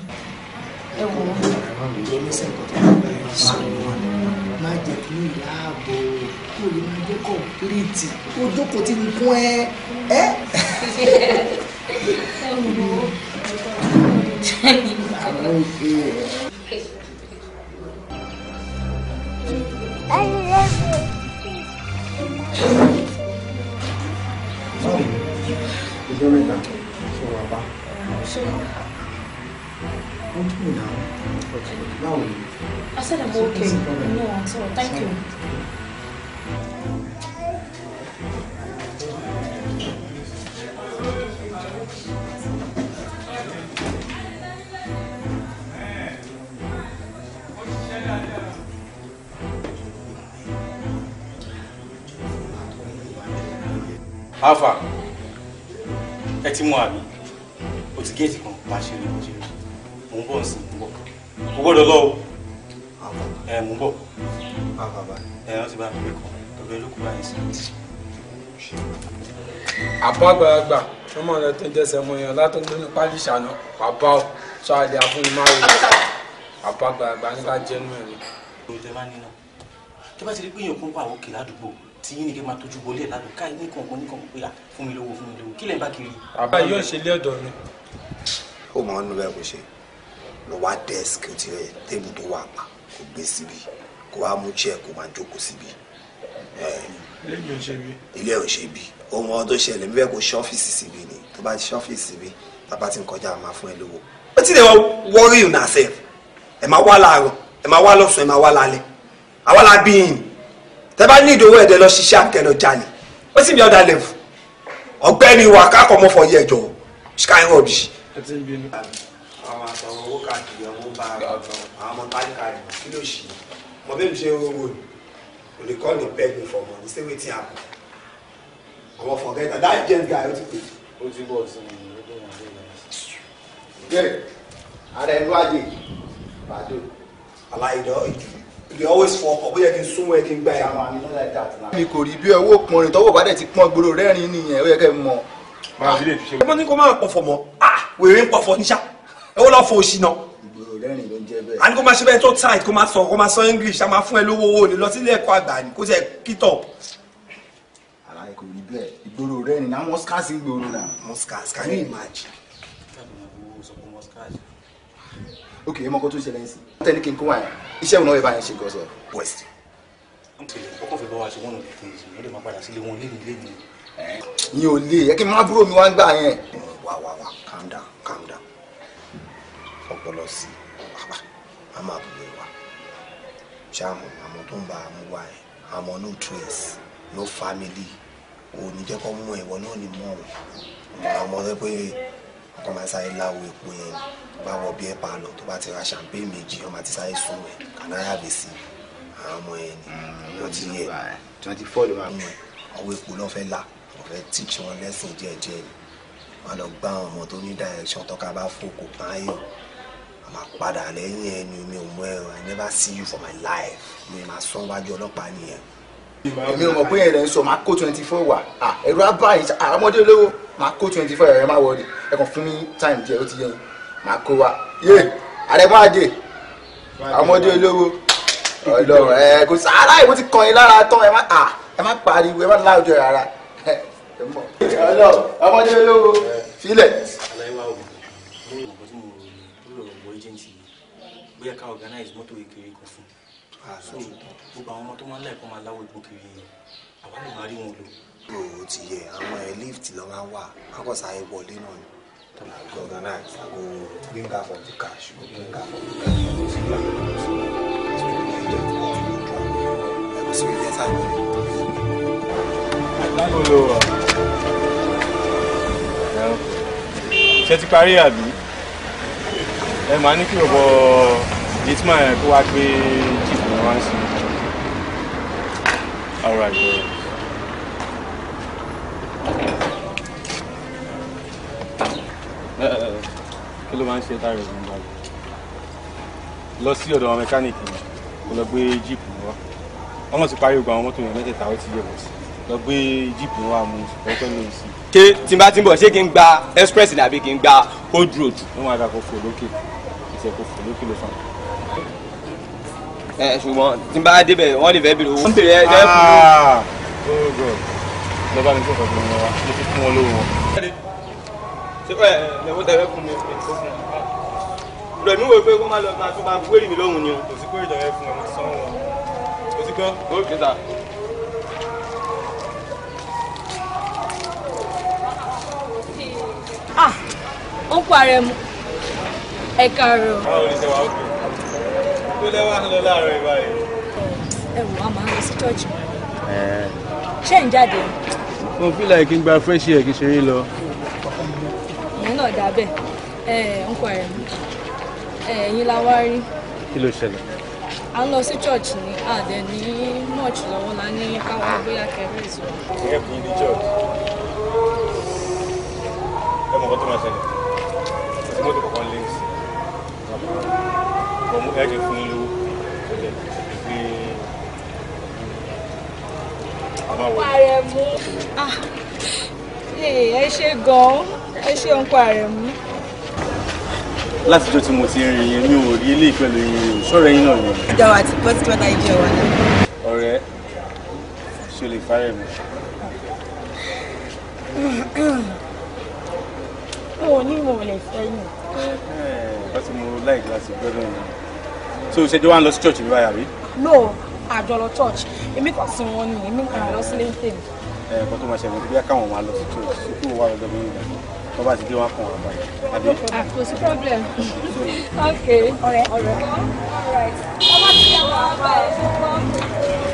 ẹ wò ó. má jẹ́ kí ní ìyáàbò kó lè máa jẹ́ kọ̀ọ̀pìlìtì ó ti ń kún ẹ ẹ. [laughs] ẹ wò ó. I said I'm okay. No, I'm sorry. Thank you. alpha ẹ ti mú àbí o ti géètì kan bá ṣe rí bó ṣe rí mò ń bọ̀ ń sìn mò ba, bọ̀ o gbọ́dọ̀ lọ o ẹ mò ba, bọ̀ ẹ ọ ti bá mi rí kan ọbẹ̀ ló kú báyìí sí. àbágbàgbà ọmọ rẹ tó ń jẹsẹ̀ mọ èèyàn látọ̀ gbé ní pálí ìṣàná bàbá ọ sọ ba, àfúnimáwò àbágbàgbà nígbà jẹ́nu ẹ̀rí. ba, nínú tí wọ́n ba, ti rí pé èèyàn kún pa àwọn òkè ládùúgbò tí yín nìkan máa tójú bọlé ẹ̀ ládùúgbò káyé ní kọ̀ọ̀kan ní kọ̀ọ̀kan péyà fún mi lówó fún mi lówó kí lẹ́yìn bá kiri. bàbá yóò ṣe ilé ọ̀dọ̀ mi. ó mọ ọ́nú bẹ́ẹ̀ kò ṣe lọ wá dẹ́sìkì tí ẹ tébù tó wà pa kò gbé síbi kó wá mú chair kó máa jókòó síbi. ilé ò ṣe bí ohun ọ̀hún ṣẹlẹ̀ mi bẹ́ẹ̀ kó ṣe síbi ni tó bá ṣe ọ́fíìsì síbi bàbá ti ń kọjá máa fún ẹ lówó. ó ti lè worry you na self ẹ máa wá tẹ bá ní ìdòwò ẹ̀dẹ̀ lọ ṣiṣẹ́ àkẹlọ jalè ó sì bí ọ̀dà lẹ́fù ọ̀gbẹ́ni wa kákọ̀ mọ́ fọ yẹjọ sky road. ẹ ti ń bínú àwọn àtọwọ́ owó káàkiri ọmọ bá àwọn ọmọ tálíkà rẹ̀ kí ló ṣì mọ bí mi ṣe owó wò kò lè kọ́ ní pẹ́ẹ́gì fọmọ ní sẹ́wé tí a kù ọmọ guy ó ti pè é. ó ti bọ̀ sí mi ó tó wọn lé ìbàdàn aláìdọ́ ìjù they always fọkọ̀ bóyá kí n súnmọ́ ẹ kí n gbá ẹ. mi kò rí bí ọwọ́ pọnrin tọ́wọ́ bá dẹ̀ ti pọ́n gbòòrò rẹ́rìn nìyẹn ó yẹ kẹ́ ẹ mọ̀. ẹgbẹ́ ní kò máa pọ̀fọ̀ mọ́ ah, wèrè ń pọ̀fọ̀ níṣà ẹ wọ́n lọ́ọ́ fọ òṣì náà. gbòòrò rẹ́rìn ló ń jẹ́ bẹ́ẹ̀. àní kò máa ṣe bẹ́ẹ̀ tó tight kó máa sọ kó máa sọ English a máa fún ẹ lówó owó ni lọ sílé ẹ̀kọ́ àgbà ni kó ṣe kítọ̀. àlàyé kò rí bẹ́ẹ̀ ìgboro rẹ́rìn náà mọ́skáàsì gbòòrò náà. mọ́skáàsì can you imagine? ok ẹ mọ kó tó ṣẹlẹ̀ ń sìn. wọ́n tẹ́ ní kí n kó wáyà iṣẹ́ ìwọ̀n náà yẹ báyẹn ṣe gọ́ sọ. west. ọkọ fẹ́ bá wa ṣe wọn lè fi ìsìn lọ́dẹ̀ máa padà sílé wọn léèrè léèrè. yín ò lè yẹ kí má búrò mi wá ń gbà yẹn. wà wà wà calm down calm down ọpọlọ sí i a máa bùrẹ̀ wá ṣáàmù àmọ́ tó ń bá àmú wá ẹ̀ àmọ́ no trace no family òní jẹ́ kó mú ẹ̀wọ̀ náà ní mọ́ ọ̀rọ̀ àmọ́ rẹ pé kọ́ máa sáré láwọ epo yẹn bá wọ bí ẹ pa lọ tó bá ti ra champagne méjì ọmọ àti sáré sùn ẹ kànáyà bèsì àwọn ọmọ yẹn ni mm, wọ́n ti yẹ twenty four ló máa mm. pè ọwọ́ epo lọ́ fẹ́ la wọ́n fẹ́ teach wọn lesson díẹ̀díẹ̀ ni wọ́n lọ gbá àwọn ọmọ tó ní direction tọ́ka bá fòkò báyọ̀ máa padà lẹ́yìn ẹni mi ò mọ I never see you for my life mi máa sọ wájú ọlọ́pàá nìyẹn èmi ò mọ̀ pé ẹ̀rẹ̀ ń sọ máa kó twenty four wà ẹ̀rọ abáyé àmọ́dé olówó máa kó twenty four ẹ̀rẹ̀ máa wọlé ẹ kàn fún mi time díẹ̀ ó ti yẹn máa kó wa yé àrẹ máa dé àmọ́dé olówó ọlọ́run ẹ kò sáárá ìwé ti kàn yín lára tán ẹ má ẹ má pariwo ẹ má láwùjọ rárá ọlọ́run àmọ́dé olówó filẹ̀. bóyá ká organize mọ́tò ìkéré kan fún un. Ah, gbogbo àwọn ọmọ tó máa ń láìpẹ́ máa láwọ ìgbókiri àwa lè máa rí wọn lò. o ti yẹ àwọn ẹ lift lọ máa wà wọn kò sáré wọlé náà ni tó máa gbé ọgá náà ìsàgò gbẹngà for the cash gbẹngà for the cash ló fi gbà lọ sí ẹ kò sí ilé sábẹ. lágbólo wa ṣe ti parí àbí ẹ máa ní kí o bọ gitman kó wá gbé jíìpù wọn sí i. All right, all eh, right. Eh, eh. kí ló máa ń ṣe táyọ̀ ní ìgbà yìí lọ sí ọ̀dọ̀ mẹkáníìkì yẹn kó lọ gbé jíìpù wá wọ́n ti parí ogun àwọn mọ́tò yẹn mẹ́tẹ̀ẹ̀ta ó ti yẹ̀ wọ̀ sí lọ gbé jíìpù wá mú ọjọ́ mi sí. ṣé tí n bá ti ń bọ̀ ṣé kí n gba express ni àbí kí n gba old road. wọ́n máa dà kó fò lókè ìṣẹ̀kó fò lókè ló fà á ẹ ṣùgbọ́n tí n bá débẹ̀ wọ́n lè fẹ́ bèrè owó. wọ́n bèrè ẹ dẹ́kun. Ah! lọ́ba mi kò fẹ́ fún wọn mo ti fún wọn lówó wọn. ṣé ẹ lẹ́wọ́ tẹ̀wé fún mi fún mi. rẹ̀mí wo pé kó má lọ máa tún bá wéèrè mi lóhùn ni o. kò sí pé ìjọba ẹ fún ẹ mo sọ wọn. kò sí kan. ó kì í ta. ah ó kó ara ẹ mú ẹ kàárọ̀. báwo ni ṣe wàá kú ló lẹ́wà ń lọ jáde. mo fi láì kí n gba fresh air kí n ṣeré lọ. ìyẹn náà dá bẹ́ẹ̀ ẹ ń kọ ẹ̀ ẹ̀yin la wá rí. kí ló ṣẹlẹ̀. a ń lọ sí church ní àdẹ ní much lọ́wọ́ la ní káwọn bóyá kẹrin ìṣòro. ẹ kì í ní church ẹ mọ̀ kó tó máa ṣẹlẹ̀ àti mọ́tò kọ̀ọ̀kan lé sí i ọmú ẹ̀rí fún yín lówó ẹ̀jẹ̀ gbé àbáwọ̀. àrẹ̀mú ah. ẹ ṣe gan-an ẹ ṣe ń pa àrẹ̀mú. látijọ́ tí mo ti rìn yẹn mi ò rí eléyìí pẹ̀lú yín o sọ̀rọ̀ yín náà yẹn. ìjà wa ti pẹ́ tipẹ́ta ìjẹ́ wa ṣe lè fárẹ̀ mi. mo ò ní mo lè fẹ́ yín. bá ti mo láì gíláàsì gbọ́dọ̀ yẹn so ṣe jọ wá ń lọ sí church níbàyà rí. no àjọ lọ church èmi kàn sí wọn ni èmi kàn lọ sílé ń tèmi. ẹ ẹ̀kọ́ tó máa ṣe wọn bí káwọn máa lọ sí church sókè wà lọ́dọ̀ mi nígbà tó bá ti dé wọn kàn wọn báyìí. àbí kò sí problem ok ọ̀rẹ́ ọ̀rẹ́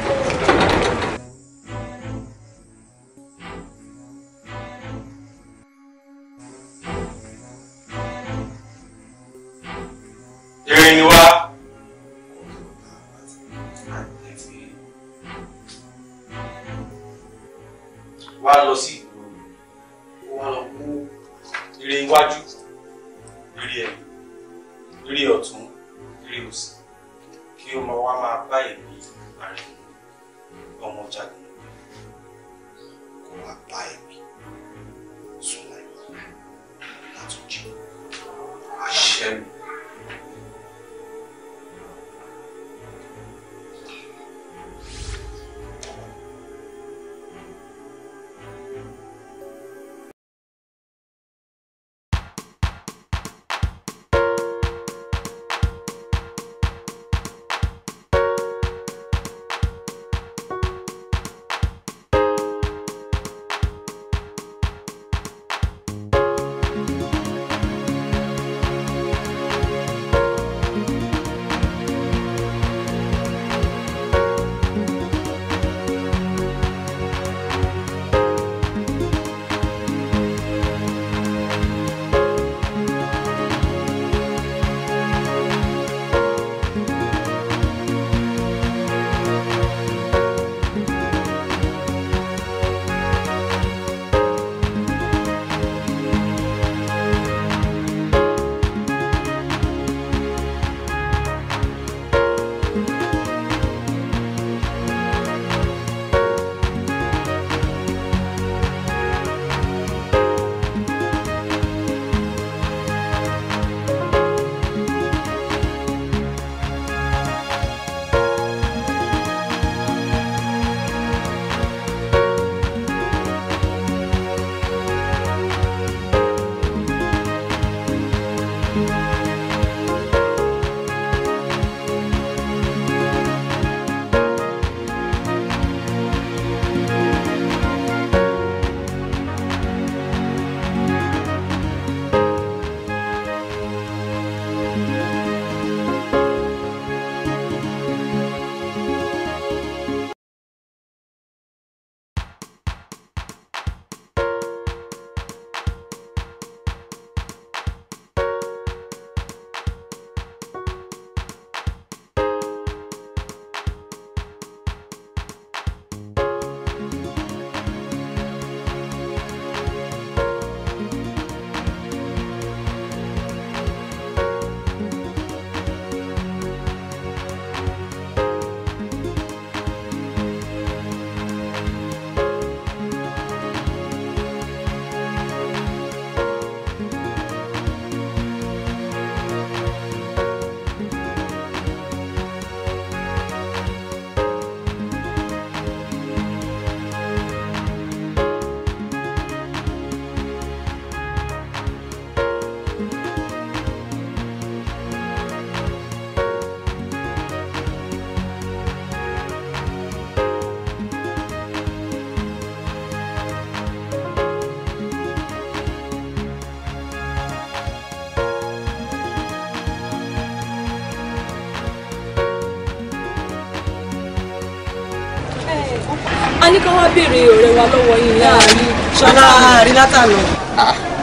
kí wọ́n béèrè ọ̀rẹ́ wa lọ́wọ́ yín láàrin ṣọlá àárín látànà.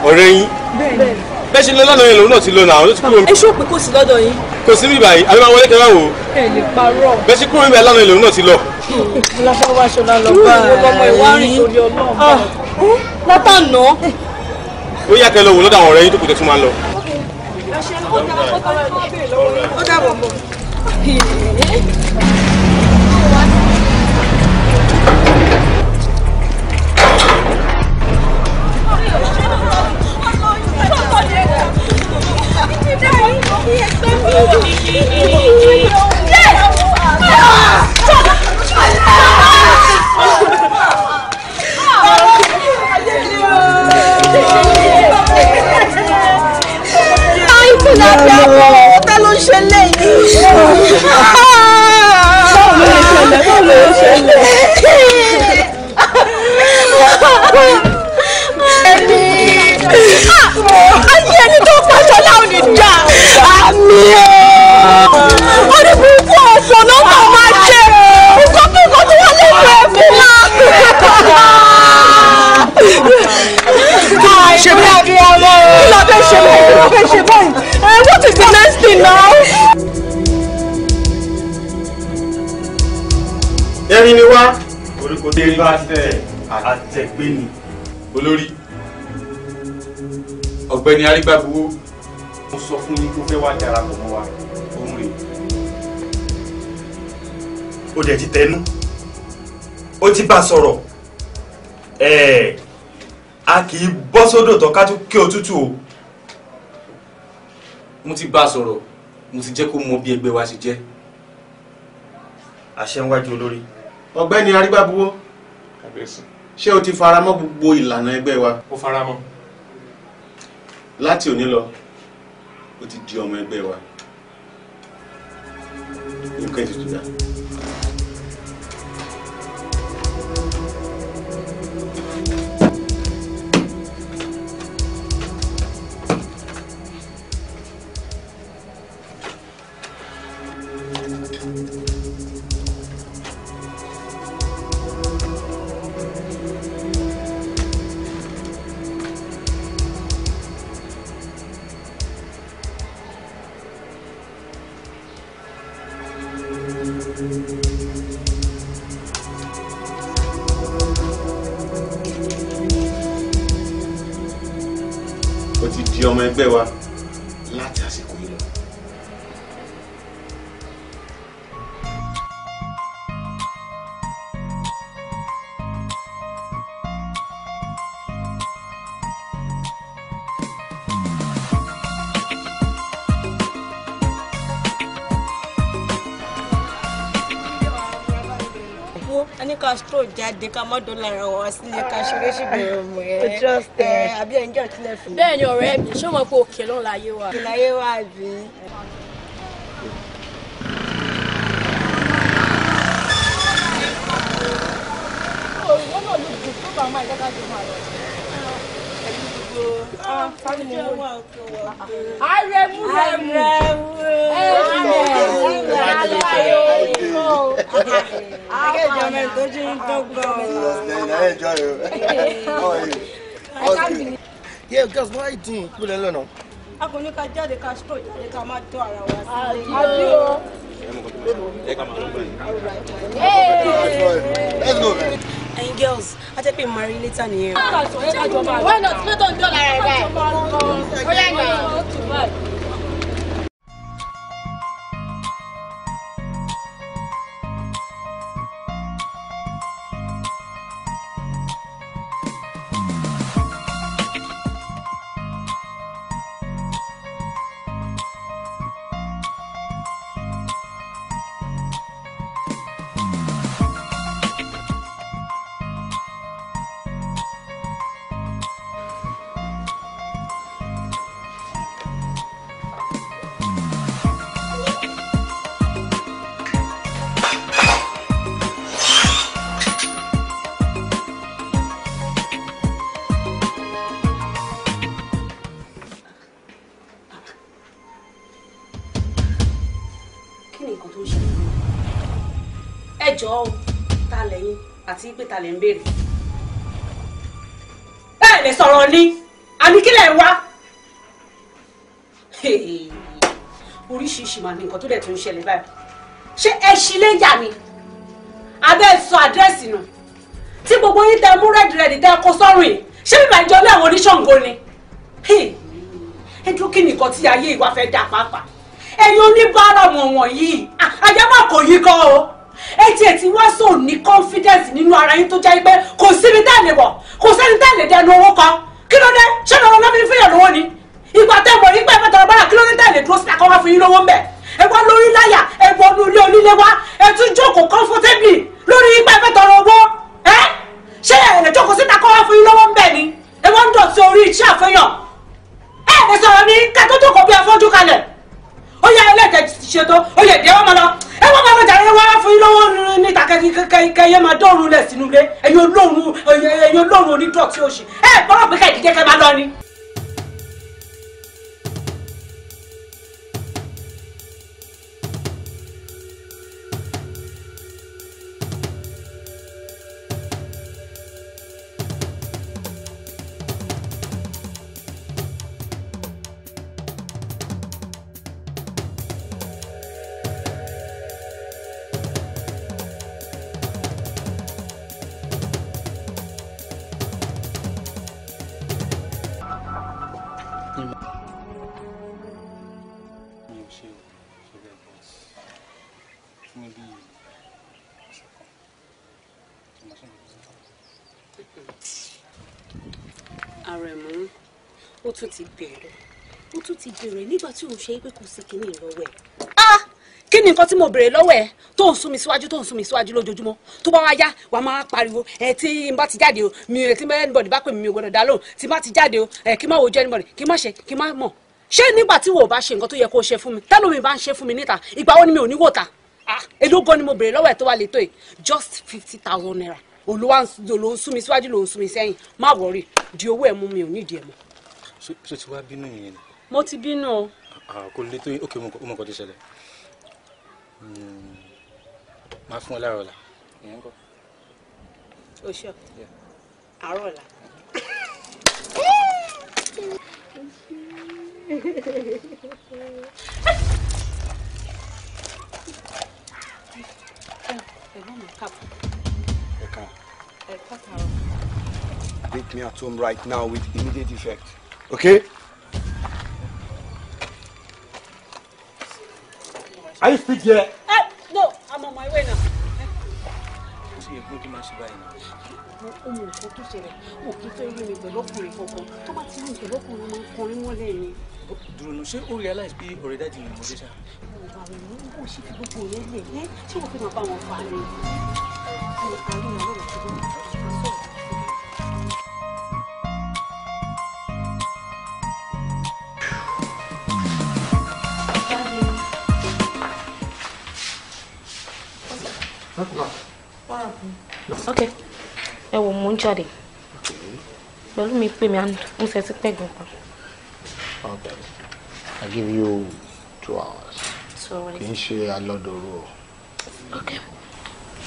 ọ̀rẹ́ yín bẹ́ẹ̀ ṣe lọ lọ́dọ̀ yẹn lòun náà ti lọ náà ló ti kúrò. ẹ ṣó pé kò sí lọ́dọ̀ yín. kò sí bíbá yìí àbí máa wọlé kẹwàá wò. ẹ lè parọ́. bẹ́ẹ̀ ṣe kúrò níbẹ̀ lánàá yẹn lòun náà ti lọ. láfẹ́ wá ṣọlá lọ bá a rí. látànà. ó yá kẹ lọ wò lọ́dọ̀ àwọn ọ̀rẹ́ yín tó kù tẹ́ tún máa lọ. ó dàbọ̀ mọ́. ẹni ah, ẹni tó pàṣọ láwọn ìjà mi ẹ́ ó ní kúkú ọ̀fọ̀ náà kò máa jẹ nǹkan tó nǹkan tó wà lẹ́nu ẹ̀kú máa. ṣe bí abiyamọ kí ló fẹ́ ṣe báyìí kí ló fẹ́ ṣe báyìí eh, what is the next thing now. ẹ̀rín ni wá orúkọ tẹ́rí bá tẹ̀ àtẹ̀gbẹ́ni olórí ọ̀gbẹ́ni arígbábuwó mo sọ fún yín tó fẹ́ wá darapọ̀ mọ́ wa òun rèé ó dẹ̀ ti tẹnu ó ti bá sọ̀rọ̀ ẹ̀ẹ́ a kì í bọ́ sódò tán ká kí òtútù o. mo ti bá a sọ̀rọ̀ mo ti jẹ́ kó mọ bí ẹgbẹ́ wa ṣe jẹ́. àṣẹ ń wájú olórí. ọ̀gbẹ́ni arígbábuwó ṣé o ti faramọ́ gbogbo ìlànà ẹgbẹ́ wa. ó faramọ́. láti òní lọ ó ti di ọmọ ẹgbẹ́ wa nǹkan ètùtù dá. jáde ká mọ́ dọ́là ara wa sílé ká ṣeré ṣìbẹ̀rẹ̀ ọmọ ẹ̀ àbí ẹ̀ ń jẹ́ ọ̀tílẹ̀ fún mi. bẹ́ẹ̀ ni ọ̀rẹ́ mi ṣé o mọ̀ pé òkè ló wa. òkè láyé wa àbí. òyìnbó náà ló dùn tó bá máa ìdákàjọ máa lọ. Aremu remu. Aremu. Yeah, girls, you doing? Put it alone. A Let's go ẹ̀yin girls a jẹ́ pé mo máa rí létà nìyẹn. why not play don dollar rẹ̀ báyìí. pé ta lè ń béèrè. bẹ́ẹ̀ lè sọ̀rọ̀ ni àní kí lẹ̀ ń wá. oríṣiríṣi màá ní nǹkan tó dẹ̀ tó ń ṣẹlẹ̀ báyìí ṣé ẹ ṣí léyà ni abẹ́ sọ àdírẹ́sì nù tí gbogbo yín tẹ mú rẹ́dìrẹ́dì tẹ kó sọ́rùn yìí ṣé bíbá ìjọ ilé àwọn oníṣàngó ni ẹ dúró kí nìkan tí ayé ìwà fẹ́ dà pàápàá ẹ̀yin oníbàárà wọ̀n wọ̀nyí àjẹmọ́ kò yí kọ́ o ẹ tiẹ̀ ti wá sọ ní confidence nínú ara yín tó jẹ́ pé kò síbi tá à lè wọ̀ kò sẹ́ni tá à lè dẹnu owó kan kí ló dé ṣé lọ́wọ́ lọ́bí fẹ́yàn lówó ni ìgbà tẹ́ mọ̀ nígbà ẹ̀fẹ́ tọrọ bára kí ló dé tá à lè dúró sí àkọ́wá fún yín lówó ń bẹ̀ ẹ wá lórí láyà ẹ wọ inú ilé onílé wa ẹ tún jókòó comfortably lórí ìgbà ẹ̀fẹ́ tọrọ owó ẹ ṣé ẹ lè jókòó síta kọ́wá fún yín lówó ń bẹ̀ ni ẹ wọ́n ń dọ̀tí orí iṣẹ́ àfẹ́yàn ẹ ẹ sọ̀rọ̀ ní kẹ́tọ́tọ́ kọ́ bí afọ́jú kalẹ̀ ó yẹ ẹlẹ́tẹ̀ẹ́ ṣètò ó yẹ ìdíyẹ́wọ́ mọ́ lọ ẹ wọ́n máa rọjà ẹ wá fún yín lọ́wọ́ níta kẹyẹ máa dọ́rùn lẹ̀ sínú ilé ẹ̀yin olóhùn onídọ̀tí òṣì ẹ gbọ́dọ̀ pé kẹ̀kẹ́ kẹ́ máa lọ ni. ó tún ti bẹ̀rẹ̀ ó tún ti bẹ̀rẹ̀ nígbà tí òun ṣe é pé kò sí kinní lọ́wọ́ ẹ̀. ah kí ni nǹkan tí mo bèrè lọ́wọ́ ẹ̀ tó ń sún mi síwájú tó ń sún mi síwájú lójoojúmọ́ tó bá wá yá wàá máa pariwo ẹ tí n bá ti jáde o mi ò tí anybody bá pè mí mi ò gbọdọ̀ dá lóhùn tí n bá ti jáde o ẹ kí n má wojú anybody kí n má ṣe kí n má mọ̀ ṣé nígbà tí wò bá ṣe nǹkan tó yẹ kó ṣe fún mi tẹ́lómi bá ń ṣe fún mi níta ìgbà wo ni mi ò ní wò ta ah èló gan ni mo bèrè lọ́wọ́ ẹ̀ tó wà létò yìí just fifty thousand naira olówó ló ń sún mi síwájú ló ń sún mi sẹ́yìn má wọrí di owó ẹ̀ mú mi ò nídìí ẹ̀ mọ́ so ti wá bínú yẹn ni. mo ti bínú o. Ah, ah, kò lè tó ok o mọ̀ tó ṣẹlẹ̀ hmm, máa fún ọ láàárọ̀ ọ̀la. o àárọ̀ ọ̀la. ẹ̀gbọ́n Take me at home right now with immediate effect. Okay? Are you still there? Uh, eh, no, I'm on my way now. dùrù nù ṣé o realize pé ọ̀rẹ́ dájú ni mo dé sá. ọ̀rọ̀ mi ò ṣe fi gbogbo rẹ̀ lè ṣé wọ́n fi máa bá wọn fà á lẹ́yìn. ok ẹ wò mò ń jáde pẹ̀lú mi pè mí ń ṣe sí pẹ̀gàn kan. ok i give you two hours. kì í ṣe alọ́dọ̀ọ́rọ́ o. ok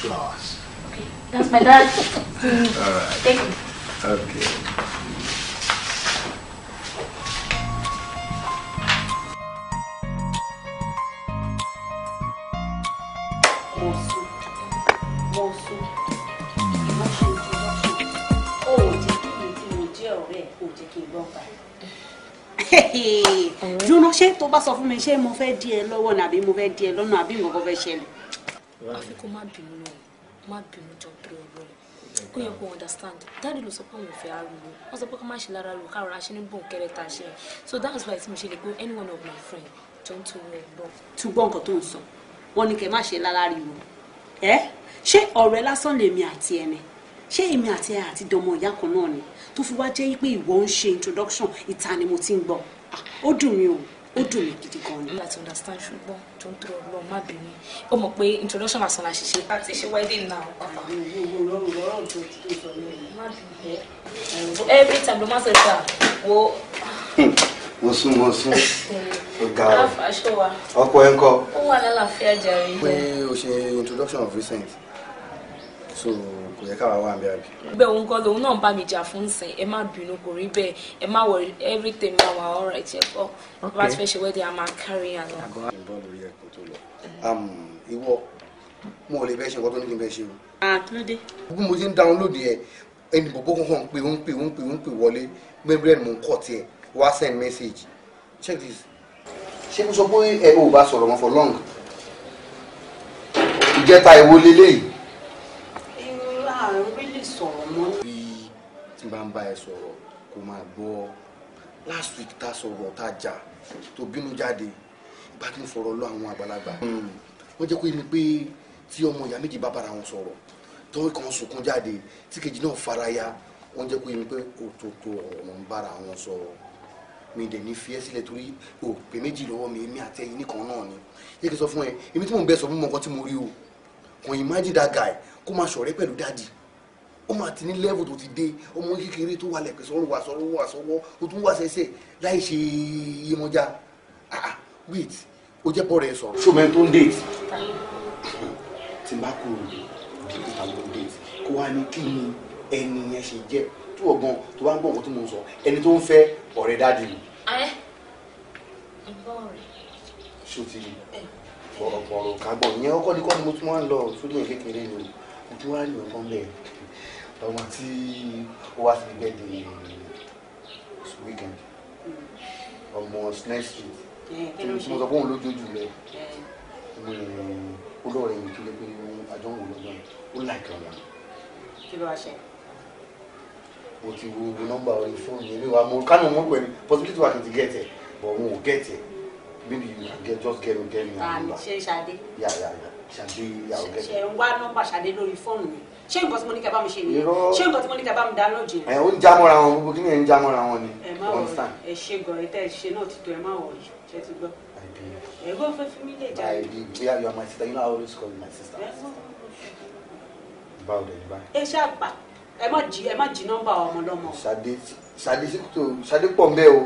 two hours. okay that's my dad. Mm. all right. thank you. okay. gbọ́ pa [laughs] jóná ṣé tó bá sọ fún mi ṣé mo fẹ́ dí ẹ lọ́wọ́ ni àbí mo fẹ́ dí ẹ lọ́nà àbí nǹkan kan fẹ́ ṣẹlẹ̀. àfi kó má bínú lọ má bínú jọ pé Ọlọ́run ó yẹ kó understand dáàdi ló sọ pé àwọn ò fẹ́ ariwo wọ́n sọ pé ká má ṣe lára ro káàrọ̀ aṣẹ́ ní bòńkẹ́rẹ́ tá a ṣe so that's why tí mo ṣe lè gbọ́ any one of my friend jọ ń tún wọn lọ. túbọ̀ nǹkan tó ń sọ wọ́n ní kẹ́ má ṣe lára ríro ẹ́ ṣé ọ̀rẹ́ lásán lèmi àti ẹni ṣé èmi àti ẹ àti dọmọ ìyá kan náà ni tó fi wá jẹ́ pé ìwọ ń ṣe introduction ìta ni mo ti ń gbọ́ ah, ó dùn mí o ó dùn mí gidi gan ni. láti understand ṣùgbọ́n tó ń tọrọ lọ má bínú ó mọ̀ pé introduction lásán la ṣiṣẹ́ láti ṣe wedding náà. every time ló máa ṣe sá wo. [laughs] mo sún mo sún ọgá o ọkọ ẹ ń kọ. ó wà lálàáfíà jàre. pé o ṣe introduction of recent so kò yẹ káwa wà níbi àbí. bẹ́ẹ̀ òun kan lòun náà bá mi jà fún sìn ẹ má bínú kò rí bẹ́ẹ̀ ẹ má wọ everything máa wà all right ẹ kọ́ bá ti fẹ́ ṣe wedding a máa carry am lọ. àgọ́ àgbẹ̀ bọ́ọ̀lù yẹ kó tó lọ um, ìwọ mo ò lè bẹ́ẹ̀ ṣe nǹkan tó ní kí n bẹ́ẹ̀ ṣe o. àtúndé. Ah, bí mo ti ń download yẹ ẹni bòbó kankan pé ó ń pè ń pè ń pè wọlé gbẹ́ngbẹ́n à ń rí lè sọ̀rọ̀ mọ́. bí tí bá ń bá ẹ sọ̀rọ̀ kó máa gbọ́ last week tá a sọ̀rọ̀ tá a jà tó bínú jáde ìgbà tí mo fọ̀rọ̀ lọ àwọn àgbàlagbà hmm. wọ́n jẹ́ kó yé mi pé tí ọmọ ìyá méjì bá bára wọn sọ̀rọ̀ tọ́wọ́ kan sunkún jáde tí kejì náà faraya wọ́n jẹ́ kó yé mi pé òtòtò ọ̀rọ̀ ń bára wọn sọ̀rọ̀ mi dẹ̀ ní fi ẹ́ sílẹ̀ torí òpè méjì lọ́wọ́ mi èmi àti ẹ̀yin nìkan náà ni yé kí n sọ fún ẹ èmi tí mò ń bẹ sọ fún mọ tí mo rí o kàn imagine that guy kó máa ṣọ̀rẹ́ pẹ̀lú dáàdì ó máa ti ní level tó ti dé ọmọ kékeré tó wà lẹ̀pẹ̀ sọ́rọ̀ wà sọ́rọ̀ wà sọ́wọ́ ó tún wà sẹ́sẹ̀ láì ṣe ìmọ̀já ah wait ó jẹ́ bọ́ọ̀rẹ̀ sọ̀rọ̀. ṣùgbọ́n tó ń déètì tí n bá kúrò ní bí n tó ń déètì kó wá ní kí ni ẹni yẹn ṣe jẹ́ tó ọ̀gbọ́n tó bá ń gbọ́ nǹkan tó mò ń sọ ẹni tó ń fẹ́ ọ̀rẹ́ dáàdì mi. ṣó ti ọ̀pọ̀ ọ̀rọ̀ kágbọ̀n ìyẹn ọkọ ni kọ́ ni mo tún wá ń lọ sódì tí wàá rí ọkàn lẹ̀ ọmọ tí ó wá sí bẹ́ẹ̀ di weekend ọmọ snake street tí mo sọ fún òun lójoojú rẹ olóòrè yìí tó lé pé àjọ ń wò lọ́gbọ̀n ó láìka ọ̀la. kí ló wá ṣe. mo ti wo nọ́mbà orí fóònù yẹn mi mo kánú mo pè ní possibility wa kì í ti gẹ̀ẹ́tẹ̀ but wọn ò gẹ̀ẹ́tẹ̀ maybe you just get me get me. àmì ṣe é ṣadé. yà yà yà ṣàdé ìyàwó kẹsàn. ẹ ń wá nọ́mbà ṣàdé lórí fóònù mi ṣé nǹkan tí mo ní kẹ bá mi ṣe nìyẹn ṣé nǹkan tí mo ní kẹ bá mi dáná jẹ. ẹ ó ń já mọ́ra wọn gbogbo kí ni ẹ ń já mọ́ra wọn ni. ẹ má wọ ẹ ṣe gan ẹ ṣe náà ti tó ẹ má wọ ṣe ti gbọ́. ẹ gbọ́ fẹ́ fi mí lè jà. I be clear you are my sister you know I always call you my sister. báwo dẹ̀ ní báyìí. ẹ ṣàgbà ẹ má jí ẹ má jí nọ́mbà ọmọ lọ́mọ. ṣàdé ṣàdé síkútò ṣàdé pọ̀ mbẹ́ o.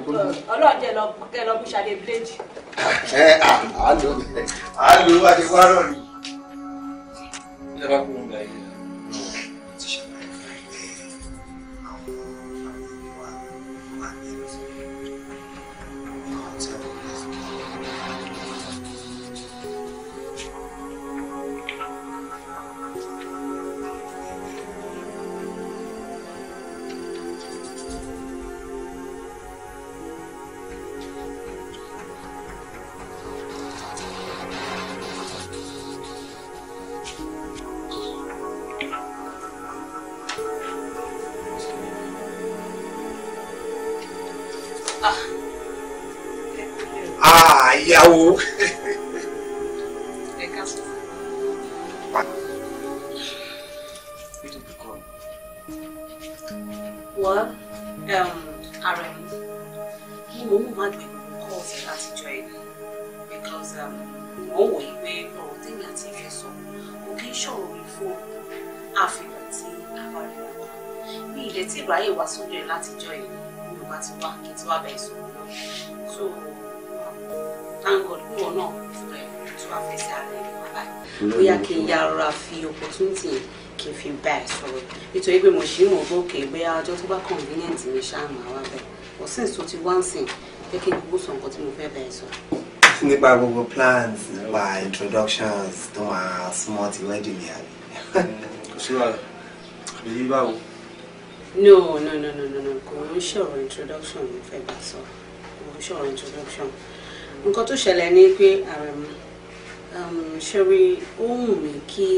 ọlọ́ọ̀jẹ lọ kẹ lọ mú ṣàdé bíléèdì. [laughs] ẹ à á lò á ni. levar nítorí pé mo ṣì ń wò ókè bóyá ọjọ́ tó bá convenient mi ṣáà máa wá bẹ̀ ọ̀ sì ń so ti wá ń sìn jẹ́ kí n gbogbo sọ nǹkan tí mo fẹ́ bẹ̀ sọ. nípa gbogbo plans nípa introductions tó máa súnmọ́ ti wedding ni àbí. kò sí wàhálà àbí yí báwo. no no no no no kò ń ṣòro introduction mo fẹ́ bá sọ kò ń ṣòro introduction nǹkan tó ṣẹlẹ̀ ni pé àrẹ̀mú um, um, ṣe rí ohun mi kí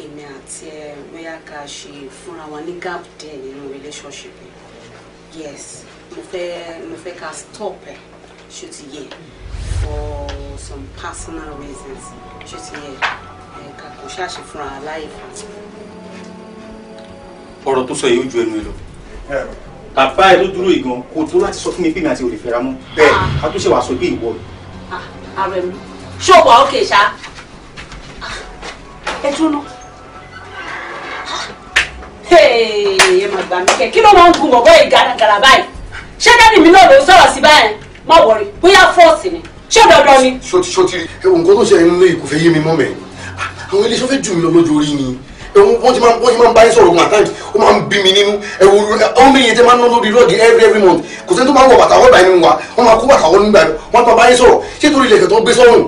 èmi àti ẹ bóyá ká ṣe fúnra wa ní gap díẹ̀ nínú relationship yes mo fẹ́ mo fẹ́ ká stop ẹ̀ ṣó ti yẹ for some personal reasons ṣó ti yẹ ká kò ṣàṣe fúnra láì fà. ọ̀rọ̀ tó sọ yìí ó ju ẹnu ẹ lọ bàbá ẹ ló dúró ìgan kò tó láti sọ fún mi pé mi àti òde fẹ́ra mọ́ bẹ́ẹ̀ ká ah. tó ṣe wàá sọ pé ìwọ. ààrẹ mi ṣó wà ṣá ah, ẹ dúró náà ẹ mà kí ló máa ń gun bọ̀bọ̀ yìí báyìí ṣé dẹ́ni mi náà ló ń sọ̀rọ̀ sí báyẹn má wọrí bóyá fọ́ọ̀sì ni ṣé dandan ni. sotiri nǹkan tó ṣe ń lé ìkòfẹ́ yé mi mọ́ mẹ́ àwọn iléeṣẹ́ fẹ́ jù mí lọ orí ni wọ́n ti máa wọ́n ti máa ń báyìí sọ̀rọ̀ wọn àtàkì ó máa ń bí mi nínú ẹ̀wù ọmọ èyí tẹ́ máa ń ná lórí rọ́ọ̀gì every every month kò sẹ́ni tó máa ń wọ bàtà báyìí nínú wa wọ́n máa kó bàtà nígbà wọ́n máa báyìí sọ̀rọ̀ ṣé torí ilẹ̀kẹ̀ tó gbé sọ́run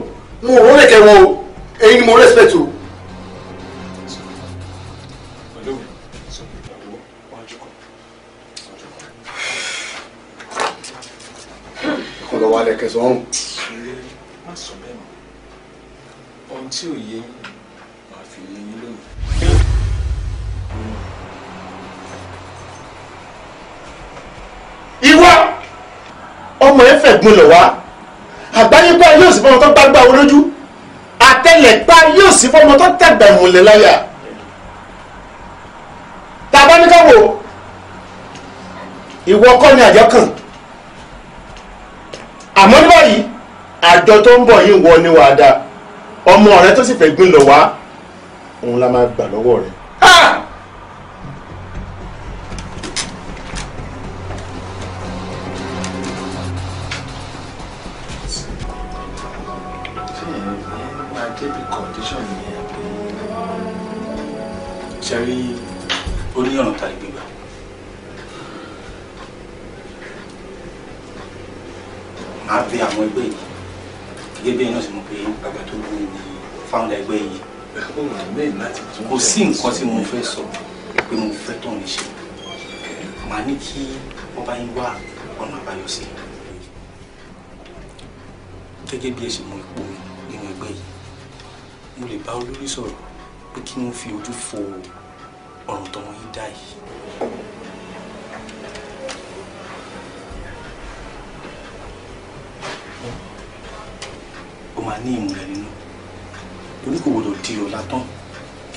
mo rọ́ lẹ̀kẹ̀ wọn o èyí ni mo respect o sọ pé ìyàwó wájú kan wájú kan. ẹ̀kọ́ lọ wálé kẹsàn án. ṣeré má sọ bẹ́ẹ̀ mọ́ ohun tí ò yé màá fi yé yín lónìí. ìwọ ọmọ ẹ fẹ́ gúnlẹ̀ wá àgbáyé gbá yóò sì fọmọ tó gbágbá olójú àtẹlẹgbá yóò sì fọmọ tó tẹgbà láyà bá ní ká ìwọ kọ́ ni àjọ kàn àmọ́ ní báyìí àjọ tó ń bọ̀ yìí wọ ni wàá da ọmọ rẹ tó sì fẹ́ gbìn lọ wá òun la máa gbà lọ́wọ́ rẹ.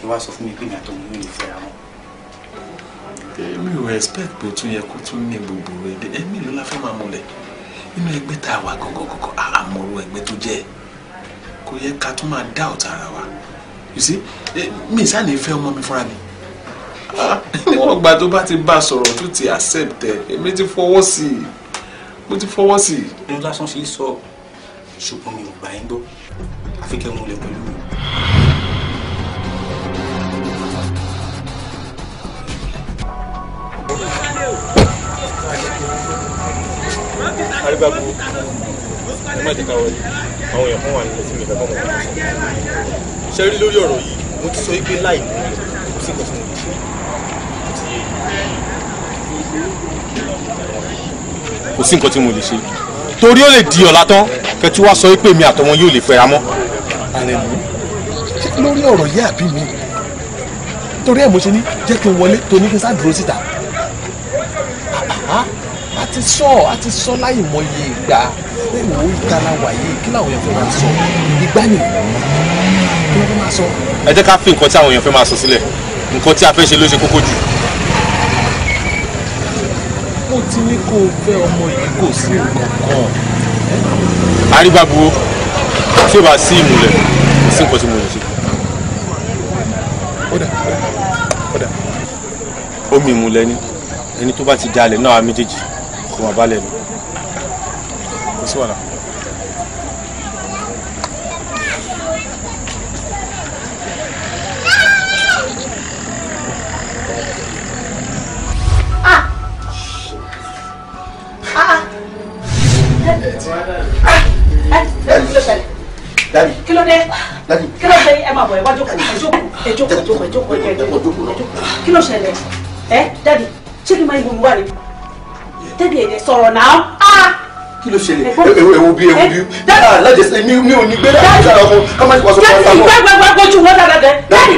wá sọ fún mi pé mi àtọ̀hún yóò lè fẹ́ra wọn. èmi ò expect pé tún yẹ kó tún ní gbogbo èdè èmi ló la máa múlẹ̀ nínú ẹgbẹ́ tá a wà gọ̀gọ̀gọ̀gọ̀ àmọ́rú ẹgbẹ́ tó jẹ́ kò yẹ ká tún máa dá ọ̀tá ara wa you see mi sáni fẹ́ ọmọ mi fúnra mi [laughs] níwọ̀n ìgbà tó bá ti bá a sọ̀rọ̀ tó ti accept ẹ̀ èmi ti fọwọ́ sí i mo ti fọwọ́ sí i. ló lásán ṣe é sọ ṣùgbọ́n mi ò gbà yín gbọ́ àfikẹ́ mo lè pẹ̀lú mi. arígbàgbó ẹ má jẹ́ ká wọlé àwọn èèyàn kan wà nílẹ̀ tí mi fẹ́ bọ́mọ̀ wọn sọ. ṣe rí lórí ọ̀rọ̀ yìí mo ti sọ pé láì mú kò sí nǹkan tí mo lè ṣe mo lè ṣe torí ó lè di ọ̀la tán kẹtù wá sọ pé èmi àtọmọ yóò lè fẹ́ra mọ́. lórí ọ̀rọ̀ yìí àbí mi torí ẹ̀ mo ṣe ní jẹ́ kí n wọlé tó kí n sá dúró síta ti sọ a ti sọ láì mọye ìgbà pé wò ó ìtara wàyí kí làwọn èèyàn fẹ́ máa sọ ìgbà ni kí wọ́n máa sọ. ẹ jẹ́ ká fi nǹkan tí àwọn èèyàn fẹ́ máa sọ sílẹ̀ nǹkan tí a fẹ́ ṣe ló ṣe kókó jù. mo ti ní kó o fẹ́ ọmọ yìí kò sí nǹkan kan. arígbàgbó tí o bá sí ìmùlẹ̀ kò sí nǹkan tí mo lè ṣe. omi ìmùlẹ̀ ni ẹni tó bá ti dalẹ̀ náà á méjèèjì kó wọn balẹ̀ ni kò sí wàhálà. Dadi. Kí ló dé? Dadi. Kí ló dé? Ẹ máa bọ̀ ẹ wá jókòó. Ẹ jókòó. Ẹ jókòó. Ẹ jókòó. Ẹ jókòó. Kí ló ṣẹlẹ̀? Ẹ dadi. ewu ewu bi ewu eh, bi dáàdì alájẹsẹ ah, mi ò ní gbé dáàdì sára fún kámájú pàṣẹ pàṣẹ pàṣẹ. jẹ́sí gbẹ́gbẹ́gbẹ́ kojú wọn dáadáa dẹ́ dáàdì.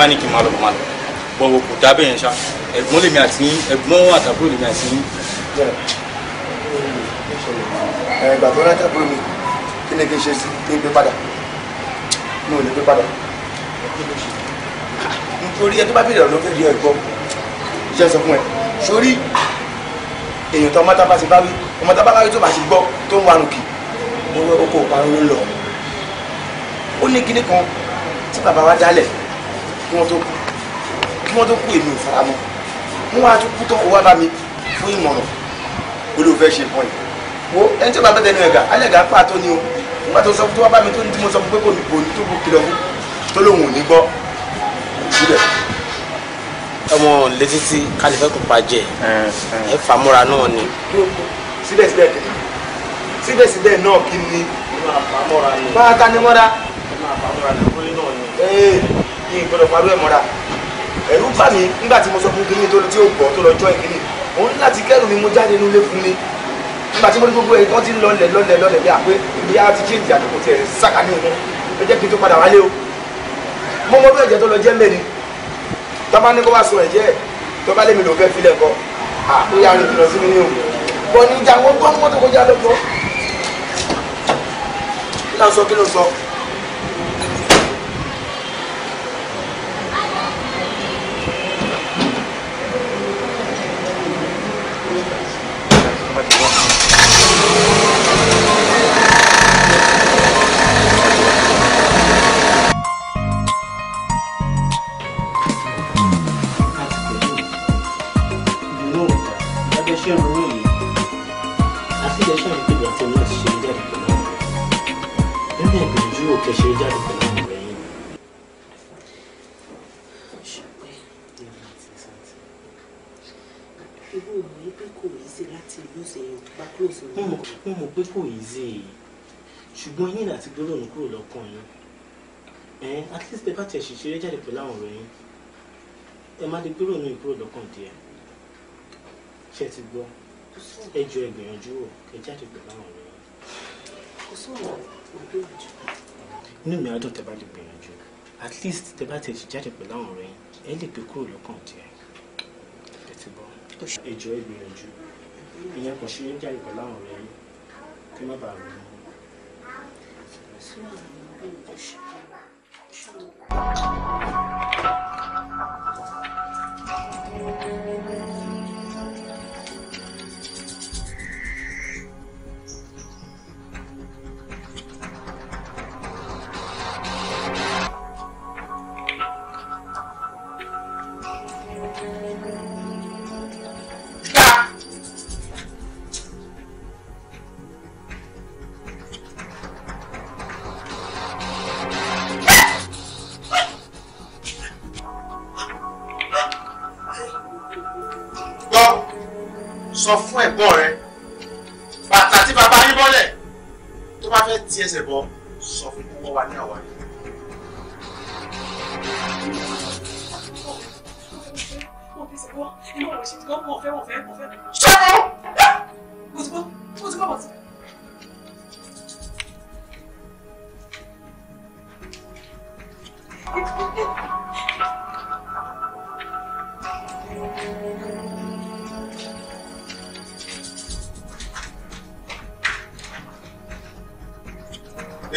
bá ní kí n máa lọ máa lọ bọ̀wọ̀ kò dábẹ́ yẹn ṣá ẹ̀gbọ́n lèmi àti yín ẹ̀gbọ́n àtàbúrò lèmi àti yín. ẹ̀gbà tó rájà bú mi kí ni kí n ṣe sí kí n gbé padà mi ò lè gbé padà nítorí ẹ tó bá bèrè ọ̀rọ̀ ló fẹ́ rí ẹ̀gbọ́n iṣẹ́ sọ fún ẹ sórí èèyàn tó ọmọdé bá ti bá wí ọmọdé bá wí tó bá ti gbọ́ tó ń warùn kì owó oko ìparun ló ń lọ ó ní kinní kan tí bàbá wa dálẹ̀ kí wọ́n tó kú kí wọ́n tó kú èmi ò fara mọ́ wọ́n wá tún kú tán owó bá mi fún ìmọ̀ràn olùfẹ́ ṣe pọ̀ yìí wo ẹni tí ó bá bẹ́ẹ̀ tẹnu ẹ̀gà alẹ́ ẹ̀gà pàtó ni o nígbà tó sọ fún tó wá bá mi tó ní tí mo sọ fún pé kò ní kò ní tó kú kìlọ̀ fún tó lóun ò ní gbọ́ síbẹ̀. ọmọ létí tí kálífẹ́ kò pa jẹ ẹ fàmúra náà ni. síbẹ̀síbẹ̀ síbẹ̀síbẹ̀ náà kí ni. bá a ta ni mọ́ra. bá a ta ni mọ́ra ní ìgbọ́dọ̀ parú ẹ̀ mọ́ra ẹ̀rú bà mí nígbà tí mo sọ fún kínní tó tí ó gbọ́ tó lọ jọ́ ìkínní òun láti kẹ́rù mi mo jáde nínú ilé fún mi nígbà tí mo ní gbogbo ẹ̀ wọ́n ti ń lọlẹ̀ lọlẹ̀ lọlẹ̀ bí àpé ibi á ti chéǹjì àdókò tiẹ̀ sáka ní ìmú ẹ jẹ́ kí n tó padà wálé o mo mọ bí ẹ̀jẹ̀ tó lọ jẹ́ mẹ́rin tọ́ba ní kó wá sun ẹ̀jẹ̀ tọ́ba lèmi ló fẹ́ filẹ̀ kọ́ àkóyá rìn jìnnà sí mi ní o bọ̀ ní ìjà wọn gbọ́ mọ́tò kọjá lọ́kọ́ kí ló ṣe jáde pẹ̀lú mo mọ̀ pé kò easy ṣùgbọ́n yín àti gbólóhùn kúrò lọ́kàn yín ẹ̀ẹ́n at least ẹ bá tẹ̀ ṣìṣeré jáde pẹ̀lú àwọn ọ̀rọ̀ yín ẹ má lè gbólóhùn yín kúrò lọ́kàn díẹ̀ ṣe ti gbọ́ ẹ jọ ìgbìyànjú o ẹ jáde pẹ̀lú àwọn ọ̀rọ̀ yín. kò sóòrò ìgbìyànjú. inú mi á dùn tẹ́ bá lè gbìyànjú at least tẹ́ bá tẹ̀ ṣì jáde pẹ̀lú àwọn ọ̀rọ̀ yín ẹ lè gbé kúrò lọ́kàn díẹ̀ ẹ ti gbọ́ ẹ jọ ìgbìyànjú ìyẹn kò ṣe é jáde pẹ̀lú àwọn ọ̀rẹ́ yìí kí má bàa rẹ̀ Thank you. wà. sọ́wọ́ mo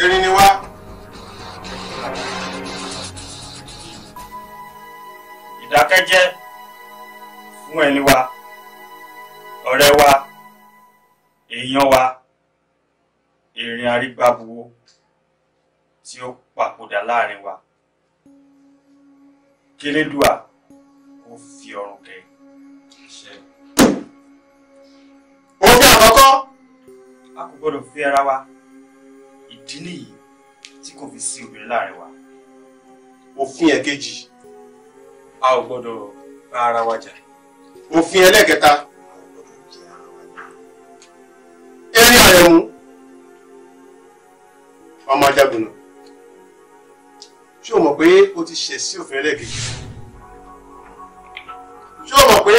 erin ni dákẹ́ jẹ́ fún ẹni wa ọ̀rẹ́ wa èèyàn wa ìrìn àrígbábuwó tí ó papòdà láàrin wa kérédùà kó fi ọrùn kẹ ṣe. òfin àkọ́kọ́ a kò gbọ́dọ̀ fi ara wa ìdí nìyí tí kò fi sí obìnrin láàrin wa. òfin ẹ̀kejì. E a ò gbọ́dọ̀ bá ara wa jà. òfin ẹlẹ́kẹta eré àrẹ̀mú ọmọ ajagunà ṣé o mọ̀ pé o ti ṣẹ̀ sí òfin ẹlẹ́kẹ̀kẹ́ ṣé o mọ̀ pé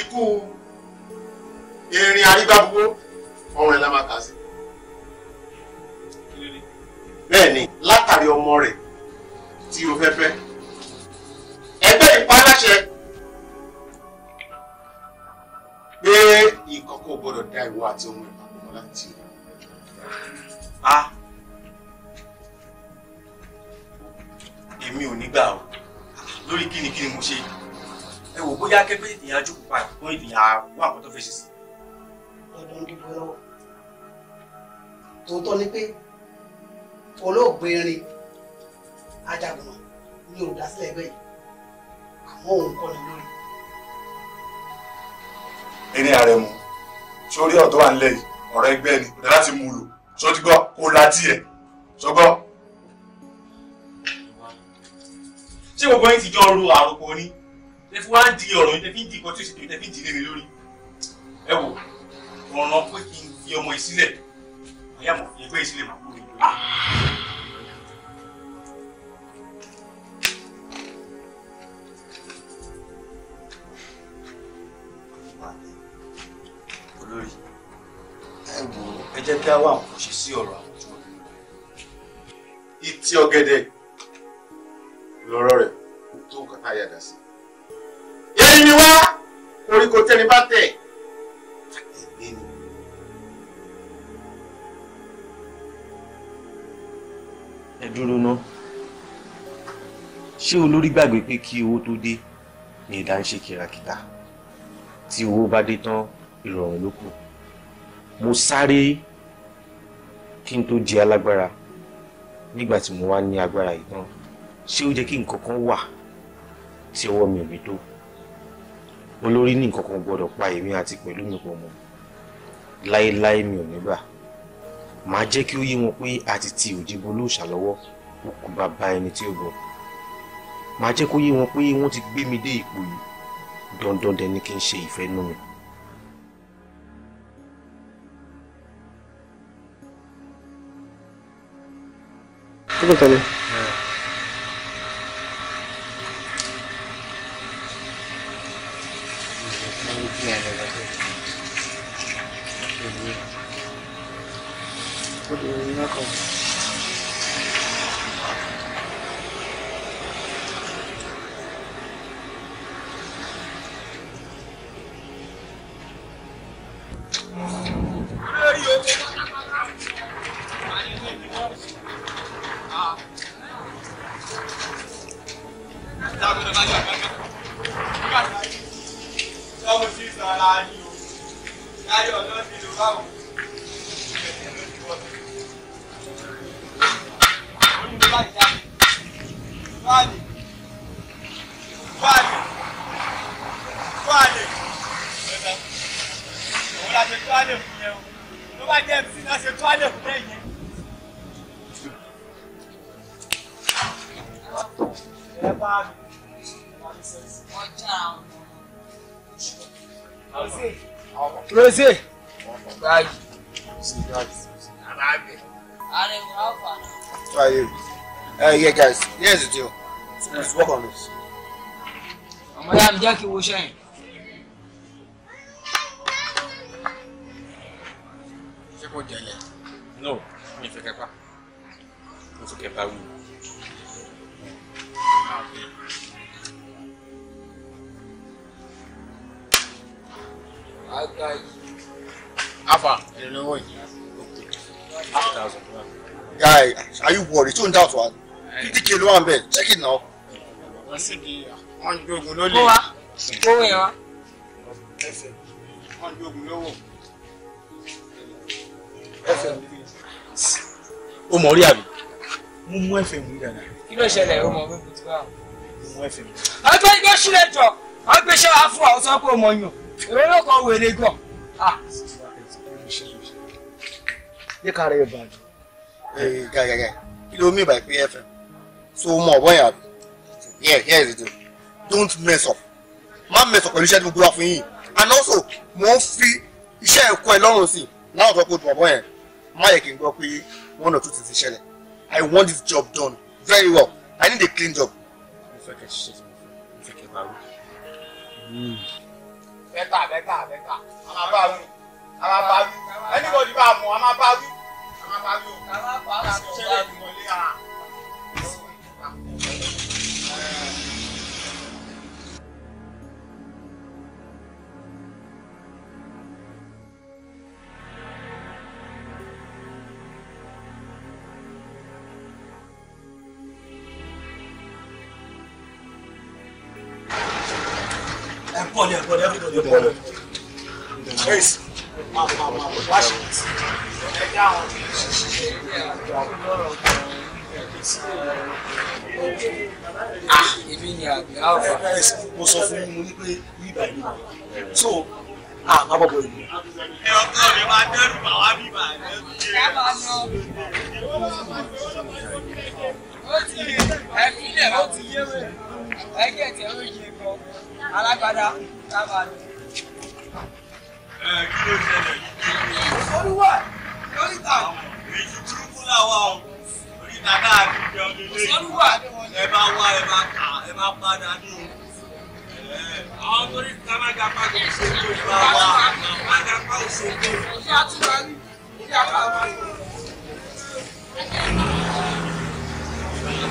ikú erin arígbábúgbó ọrùn ẹ̀ la máa kà sí bẹ́ẹ̀ ni látàrí ọmọ rẹ̀ tí o fẹ́ fẹ́. bóyá ìwọ àti ọmọ ìpàgọ́ mọ́ láti rí. a èmi ò ní gbà o lórí kí ni kí ni mo ṣe ẹ wò bóyá kẹ́gbẹ́ ènìyàn jókòó pa ìpọ́n ènìyàn àwọn àkọ́tọ́ fẹ́ ṣe sí. ọdún dúpẹ́ lọ́wọ́ tòótọ́ ni pé olóògbé rin ajagun ní olùdásílẹ̀ ẹgbẹ́ yìí àmọ́ òun kọ́ ni lórí. eré ara ẹ mu sórí ọ̀tọ̀ wà nílẹ̀ yìí ọ̀rọ̀ ẹgbẹ́ ni ọ̀dẹ̀ láti mú un lò sọ́dígbọ́ kó o láti ẹ̀ sọ́gbọ́. ṣé gbogbo yín ti jọ ru àròkọ ni ẹ fi wá ń di ọ̀rọ̀ yín tẹ fi ń di ìkọ́tí òṣèlú tẹ fi ń di ilé mi lórí ẹ wò ọ̀ràn pé kí n fi ọmọ ìsílẹ̀ àyàmọ̀ ìgbé ìsílẹ̀ màkúrò ìlú. kí á wá àwọn kò ṣe sí ọ̀rọ̀ àwọn tí wọ́n bí lórí rẹ̀ ìtì ọ̀gẹ̀dẹ̀ lọ́rọ̀ rẹ̀ tó nǹkan tá a yàgà sí. èyí ni wá koríko tẹni bá tẹ̀ èmi ni. ẹ dúró ná ṣé olórí gbàgbé pé kí owó tó dé ni ìdá ń ṣe kìràkìtà tí owó bá dé tán ìrọ̀rùn ló kù mo sáré kí n tó jẹ alágbára nígbà tí mo wá ní agbára yìí tán ṣé ó jẹ́ kí nǹkan kan wà tí ọwọ́ mi ò ní tó olórí ní nǹkan kan gbọ́dọ̀ pa èmi àti pẹ̀lú mi pọ̀ mọ́ láéláé mi ò ní gbà màá jẹ́ kí ó yé wọn pé àti ti òjìbo lóòṣà lọ́wọ́ òkú bàbá ẹni tí ó bọ̀ màá jẹ́ kó yé wọn pé wọ́n ti gbé mi dé ipò yìí dandan dẹ kí n ṣe ìfẹ́ nú mi. তো বলতে হবে What do you mean? here, guys. Here's the deal. Let's work on this. Ọmọ yá mi jẹ́ kí n wo sẹ́yìn. Ṣé kò jẹ̀lẹ̀? No, mi fẹ́ kẹ́pà. Mo fẹ́ kẹ́pà wù. Afa. Guy, are you worried? Two down thousand fifty k ló wà ń bẹ̀ check it now. wọ́n sì di wọ́n ń gbógun ló lè. wá owó yẹn wá. ẹsẹ̀ wọ́n ń gbógun lówó. ẹsẹ̀ o mọ̀ rí àbí mo mú ẹ̀fẹ̀ mú dada. kí ló ṣẹlẹ̀ o mọ̀ fún mi tí wàá. mo mú ẹ̀fẹ̀ mú. ọgbẹ́ igbó sílẹ̀ jọ ọgbẹ́sẹ̀ wa fún àwọn sọ́kò ọmọ yàn èrò ló kọ́ wèrè gan. ní ah. ká rẹ̀ bàjẹ́. gàgàgà kí ló mú ìbàgbé ẹ̀fẹ̀ mú so mọ̀ bọ́yìn àbí here here is it. don't mess up má mess up pẹ̀lú iṣẹ́ tí mo gbé wá and also mo ń fi iṣẹ́ ẹ̀kọ́ ẹ lọ́rùn sí láwọn tó kó dùn ọ̀bọ̀ yẹn má yẹ kí n gbọ́ pé one or two things, ti I want this job done very well I need a clean job. mo fẹ́ kẹ́ ṣiṣẹ́ tí mo fẹ́ mo fẹ́ kẹ́ bá rú. bẹ́tà bẹ́tà bẹ́tà a máa bá rú a máa bá rú anybody bá mọ̀ a máa bá rú a máa bá rú o. a máa bá rú o. yeah, Ma, ma, ìlú. Ẹ ọkọ mi máa dẹ́rù bá wá rẹ̀. Ó ti yé, ẹ fi lẹ̀, ó ti yé ẹgbẹ́ ẹ̀tẹ̀ ó yẹ gan alágbádá tábàlù. ẹ kí ló ṣẹlẹ̀ yìí. olúwa lóríta. èyí burúkú làwa o oríta náà ti jẹ ọdún lé. olúwa ẹ máa wá ẹ máa kà ẹ máa padà ní o. àwọn torí kámága pàgọ́ òṣèlú ìgbà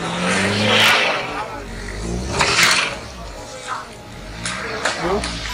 Thank you. bro.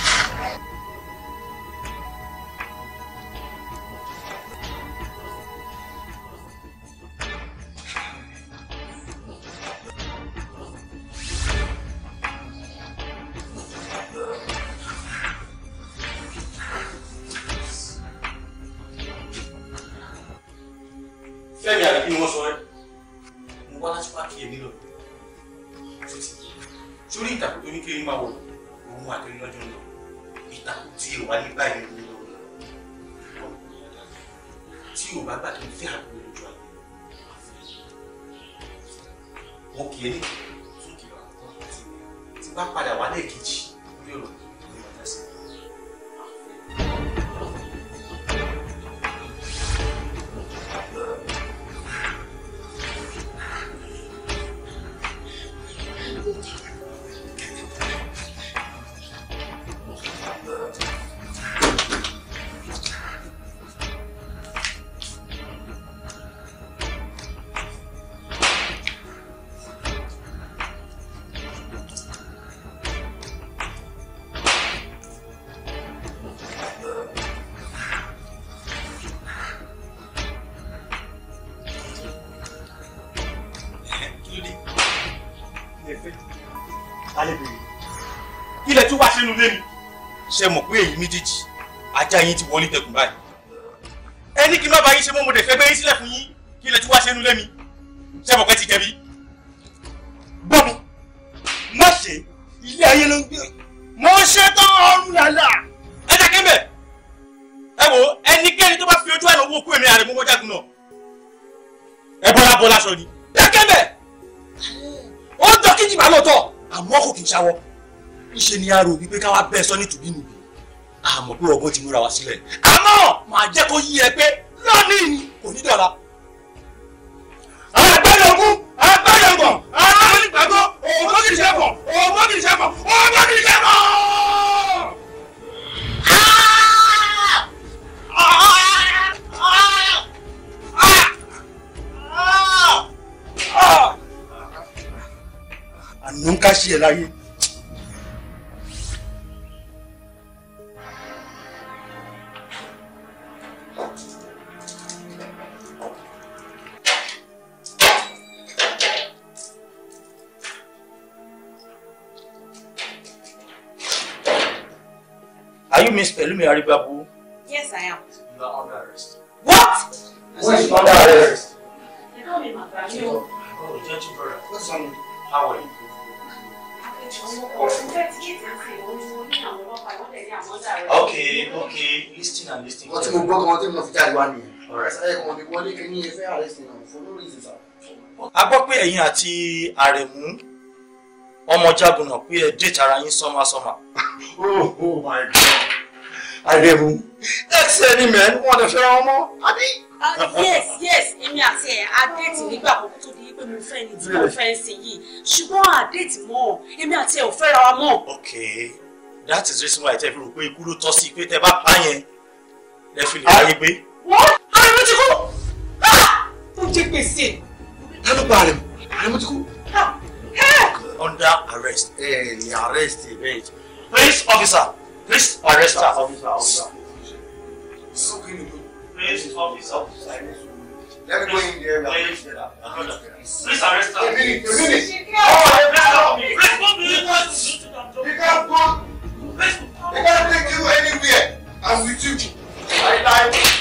méjèèjì ajá yín ti wọlé tẹkùn báyìí ẹ ní kí n má bàa yín ṣe mọ́ mo dẹ̀ fẹ́ gbé yín sílẹ̀ fún yín kí ilẹ̀ tí wá ṣe nulẹ̀ mi ṣé bọ̀kẹ́ ti jẹ̀bi. gbọ́dọ̀ má ṣe ilé ayé ló ń gbé mo ṣe tán ọrùn lálá. ẹ jẹ́ kí n bẹ̀ ẹ wo ẹnikẹ́ni tó bá fi ojú àná owó kú èmi àrẹ̀ mọ́ mọ́jágun náà ẹ bọ́lá bọ́lá sọ ni. ẹ jẹ́ kí n bẹ̀ ó jọ kíjì bá lóòótọ́ àmọ́ kò kì í ṣàwọ̀ ńṣe ni a rò wípé káwá bẹ́ẹ̀ sọ ní tùbínú bí pé ọgbọ́n ti múra wá sílẹ̀ àmọ́ màá jẹ́ kó yí ẹ pé lónìí ni kò ní dọ̀la. àgbẹ̀dọ̀gún àgbẹ̀dọ̀gbọ̀n àgbẹ̀dọ̀gbàgbọ́ ògbókìrìsẹ́fọ̀ ògbókìrìsẹ́fọ̀ ògbókìrìsẹ́fọ̀. ànú ń ká sí ẹ láyé. Yes, I am. You are under arrest. What? Who is under arrest? They call me Mabayo. Oh, How are you? Okay, okay, listing and listing. Wọ́n ti mo gbọ́ kan tí mo fi jáde wá nìyẹn. Ọ̀rẹ́ sáyẹ̀ kan ti wọlé kí ní ẹfẹ́ àrẹ́sì náà fún lórí ìsìsà. A gbọ́ pé ẹ̀yin àti Àrẹ̀mú ọmọ jagunà pé ẹ déètì ara yín sọ́másọ́mà. [laughs] Oh, oh my God àrẹ̀mú ẹ̀sẹ̀ ni mẹ́ wọn lè fẹ́ràn ọmọ àbí. Uh, yes yes èmi àti ẹ̀ àdéètì nígbà kókó tó di pé mo fẹ́ ni tí mo fẹ́ ń sìn yìí ṣùgbọ́n àdéètì mọ́ èmi àti ẹ̀ ò fẹ́ra wa mọ́. ok that is reason why tẹ́ fi rò We ikú ló tọ́ sí pé tẹ́ bá pa yẹn lẹ́ fi lè ah. ráyé gbé. wọ́n àrẹ̀mú ti kú ah! ó jẹ́ gbèsè. lálọ́ bá àrẹ̀mú àrẹ̀mú ti kú. Ah! under arrest. ẹ ẹ ní arrest event. Eh, police officer. Please arrest her, officer. officer. Please, officer. Let me go in there. Please, arrest her. A minute, a minute. Oh, please, please, You can't go. You can't take you anywhere. I'm with you. I like.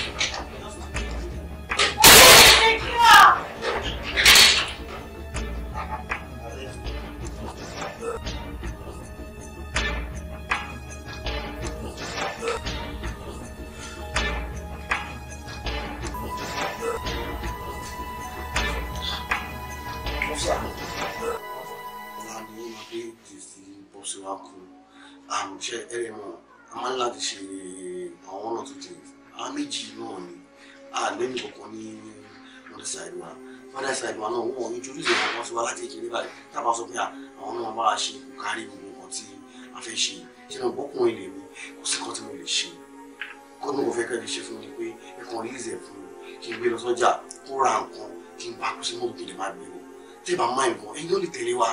tẹ́ bá máa nǹkan ẹ̀yin ló lè tẹ̀lé wa.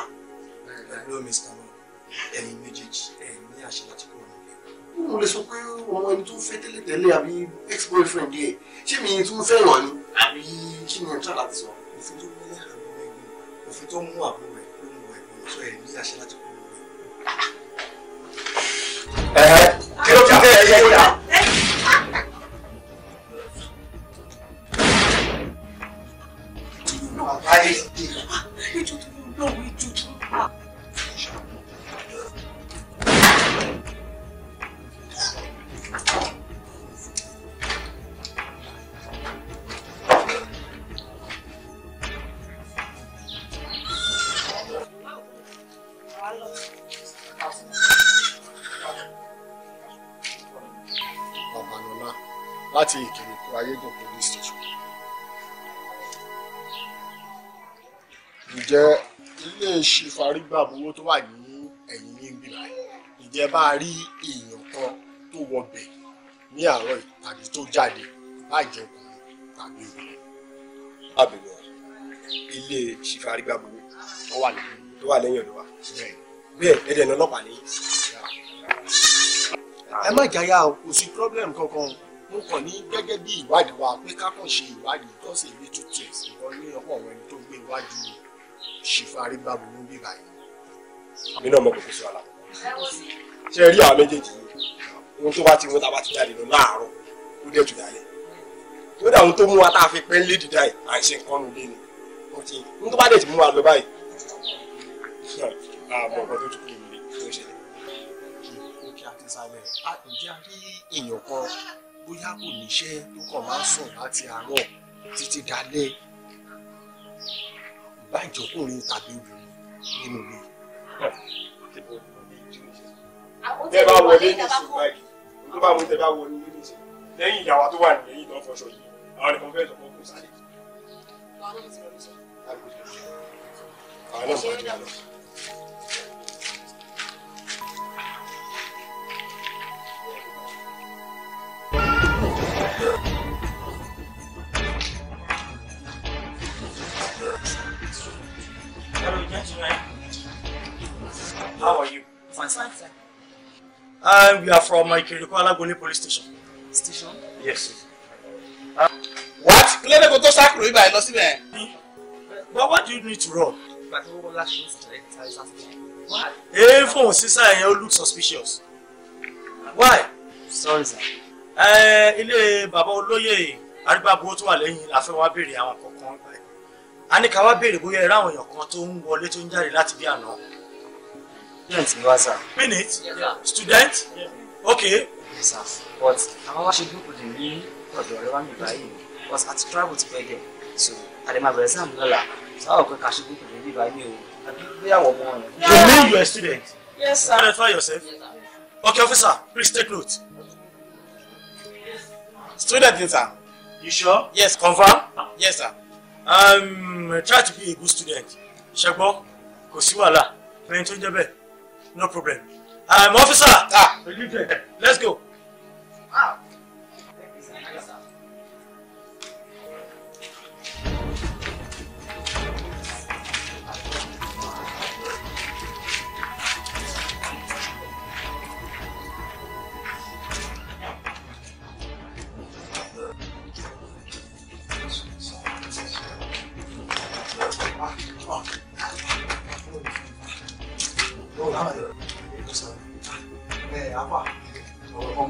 ló méjèèjì ẹ̀yin ní àṣẹ láti kúrò nílé. mo lè sọ pé ọmọ ẹni tó ń fẹ́ tẹ́lẹ̀ tẹ́lẹ̀ àbí ex boyfriend yẹ ṣé mi tó ń fẹ́ yàn ni àbí kí ni ọ̀tá láti sọ. òfin tó mú àbúrò ẹ̀gbọ́n òfin tó mú àbúrò rẹ̀ ló mú ẹ̀gbọ́n sọ ẹ̀ ní àṣẹ láti kúrò nílé. ẹ̀ẹ́ kí ló fi 哎，你住头，让我也住头啊。ǹjẹ́ ilé ṣìfarígbà owó tó wà ní ẹ̀yìn ní ìgbìlá ǹjẹ́ bá a rí èèyàn kan tó wọbẹ̀ ní àárọ̀ tàbí tó jáde láìjẹ́ ọkùnrin tàbí obìnrin. àbẹ̀wò ilé ṣìfarígbà owó tó wà lẹ́yìn tó wà lẹ́yìn ọ̀dọ̀ wa bẹ́ẹ̀ ẹ̀dẹ̀ ní ọlọ́pàá ní. ẹ má jáyà o kò sí problem kankan mo kàn ní gẹ́gẹ́ bí ìwádìí wa pé ká kàn ṣe ìwádìí tó sì ní two tips ìwọ ní ọwọ́ chief arígbàbù ní bíbá yìí àmì náà mọ kò sí ọ̀la ṣe rí àwọn méjèèjì yìí ohun tó bá ti wọ́n tá a bá ti jáde lọ láàárọ̀ ó dẹ̀ jù dálẹ̀ kódà ohun tó mú wa tá a fi pẹ́ lé dídá à ń ṣe nǹkan nù lé ni wọ́n ti ohun tó bá dẹ̀ ti mú wa lọ báyìí àmọ́ ọ̀gbọ́n tó tún kú mi ló ṣẹlẹ̀ kí a ti sálẹ̀ a kò jẹ́ rí èèyàn kan bóyá kò níṣẹ́ tó kàn máa sùn láti àárọ̀ títí dalẹ́ bá ìjọkùnrin tàbí obìnrin nínú mi. tẹ bá wọlé ní ìṣùgbọ́n yìí tó bá mú bá wọlé ní ìṣe lẹ́yìn ìyàwó tó wà nìyẹn yìí tó fọṣọ yìí àwọn nìkan fẹ́ẹ́ sọ̀kọ́ kò sáré. àwọn náà sọ̀rọ̀ lọ. And um, we are from Ikiriko Alagbole police station. Station? Yes. Uh, what? Kílódé kò tó sáàkùrù ibà ẹ̀ lọ síbẹ̀. But what do you need to run? Why? Efon sísá ẹ̀yẹn ó look suspicious. Why? Sorry sir. Eh, Ilé bàbá olóyè Arígbàbọ̀ tó wà lẹ́yìn la fẹ́ wá béèrè àwọn kọ̀ọ̀kan. A ní ká wá béèrè bóyá ẹ ráwọn èèyàn kan tó ń wọlé tó ń jáde láti student ni wá sà. minute student Okay. yes sir but àwọn wá ṣe gúrùpù dè ní ọ̀dọ̀ ọ̀rẹ́ wa mi báyìí because àti travel ti pẹ́ dẹ̀ so àdèmà bẹ̀rẹ̀ sáà lọ́la sáà So ká ṣe gúrùpù dè ní báyìí o àbí bóyá wọ̀ mọ́ ọ̀rẹ́. you mean you are a student. yes sir. identify yourself. Yes, sir. okay officer please take note. student sir. you sure. yes confirm. Huh? yes sir. Um, try to be a good student. ṣẹgbọ́n kò sí wàhálà ẹni tó no problem. Um, officer, ah. let's go. Ah.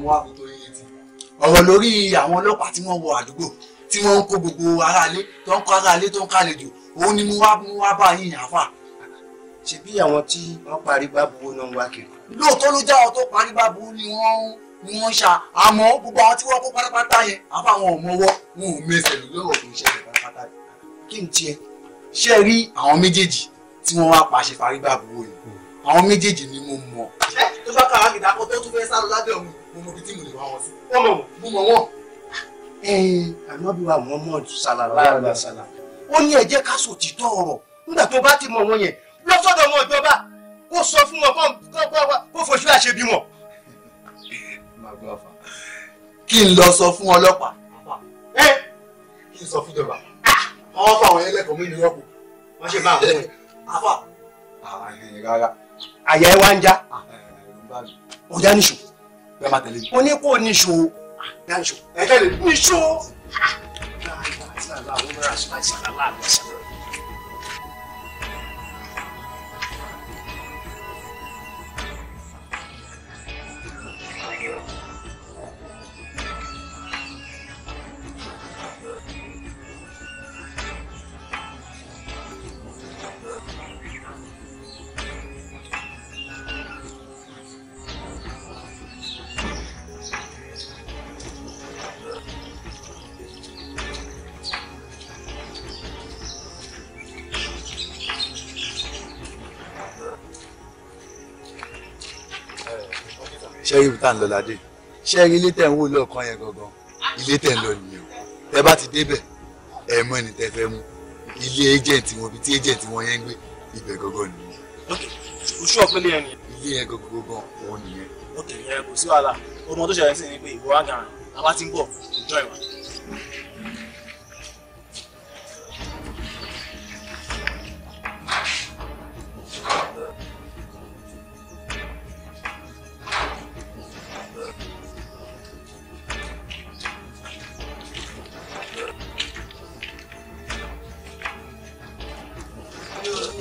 wá kó tó yé ti ọ̀rọ̀ lórí àwọn ọlọ́pàá tí wọ́n wọ àdúgbò tí wọ́n ń kó gbogbo aráalé tó ń kó aráalé tó ń kálejò òun ni mo wá mo wá bá yín yàn fà. ṣe bí àwọn tí wọ́n parí bá buwó náà wá kiri. lóòótọ́ ló já àwọn tó parí bá buwó ni wọ́n ni wọ́n ṣá àmọ́ gbogbo àwọn tí wọ́n kó pátápátá yẹn àbá àwọn ọ̀mọ́wọ́ wọn ò mẹsẹ̀ lọ́wọ́ tó ń ṣẹlẹ̀ pátápátá yẹn. kí n tiẹ̀ ṣe rí àwọn méjèèjì tí wọ́n wá pàṣẹ parí bá buwó yẹn hmm. àwọn méjèèjì ni mo mọ̀. ṣé tó bá kàwá kìdákọ́ tó tún fẹ́ sá lọ lábẹ́ òun mo mọ ibi tí mo lè wá wọn sí. wọ́n mọ̀ wọ́n mọ̀ wọ́n. ẹ̀ẹ́n ànábì wa Muhammad sallallahu alaihi wasallam ó ní ẹ jẹ́ ká sọ òtítọ́ ọ̀rọ̀ nígbà tó bá ti mọ̀ wọn yẹn lọ́sọ̀dọ̀ wọn ìjọba kó sọ fún wọn kó foṣù àṣebí wọn. kí n lọ sọ fún ọlọ́pàá kí n sọ fún ìjọba àwọn fáwọn ẹlẹ́kọ̀ọ́ mú ìlú rọ́pò wọ́n ṣe máa mú ẹ̀ àyà ẹ wá ń já ọjà níṣòro bẹ́ẹ̀ máa tẹ̀lé mi. mo ní kó o níṣó níṣó. ẹ ṣẹ́rí bùtà ń lọ ládé ṣẹ́rí ilé tẹ̀ ń wò lọ́ọ̀kan yẹn gangan ilé tẹ̀ ń lọ nìyẹn tẹ bá ti débẹ̀ ẹ mọ ẹni tẹ fẹ́ mú ilé agent wọn bíi tí agent wọn yẹn ń gbé ibẹ̀ gangan nìyẹn. ok oṣù ọ̀pẹ̀lẹ̀ yẹn nìyẹn. ilé yẹn gangan gangan òun nìyẹn. ok ẹ kò sí wàhálà ọmọ tó ṣẹlẹ̀ sí ni pé ìwọ àgàrà àbá ti ń bọ̀ enjoy wa.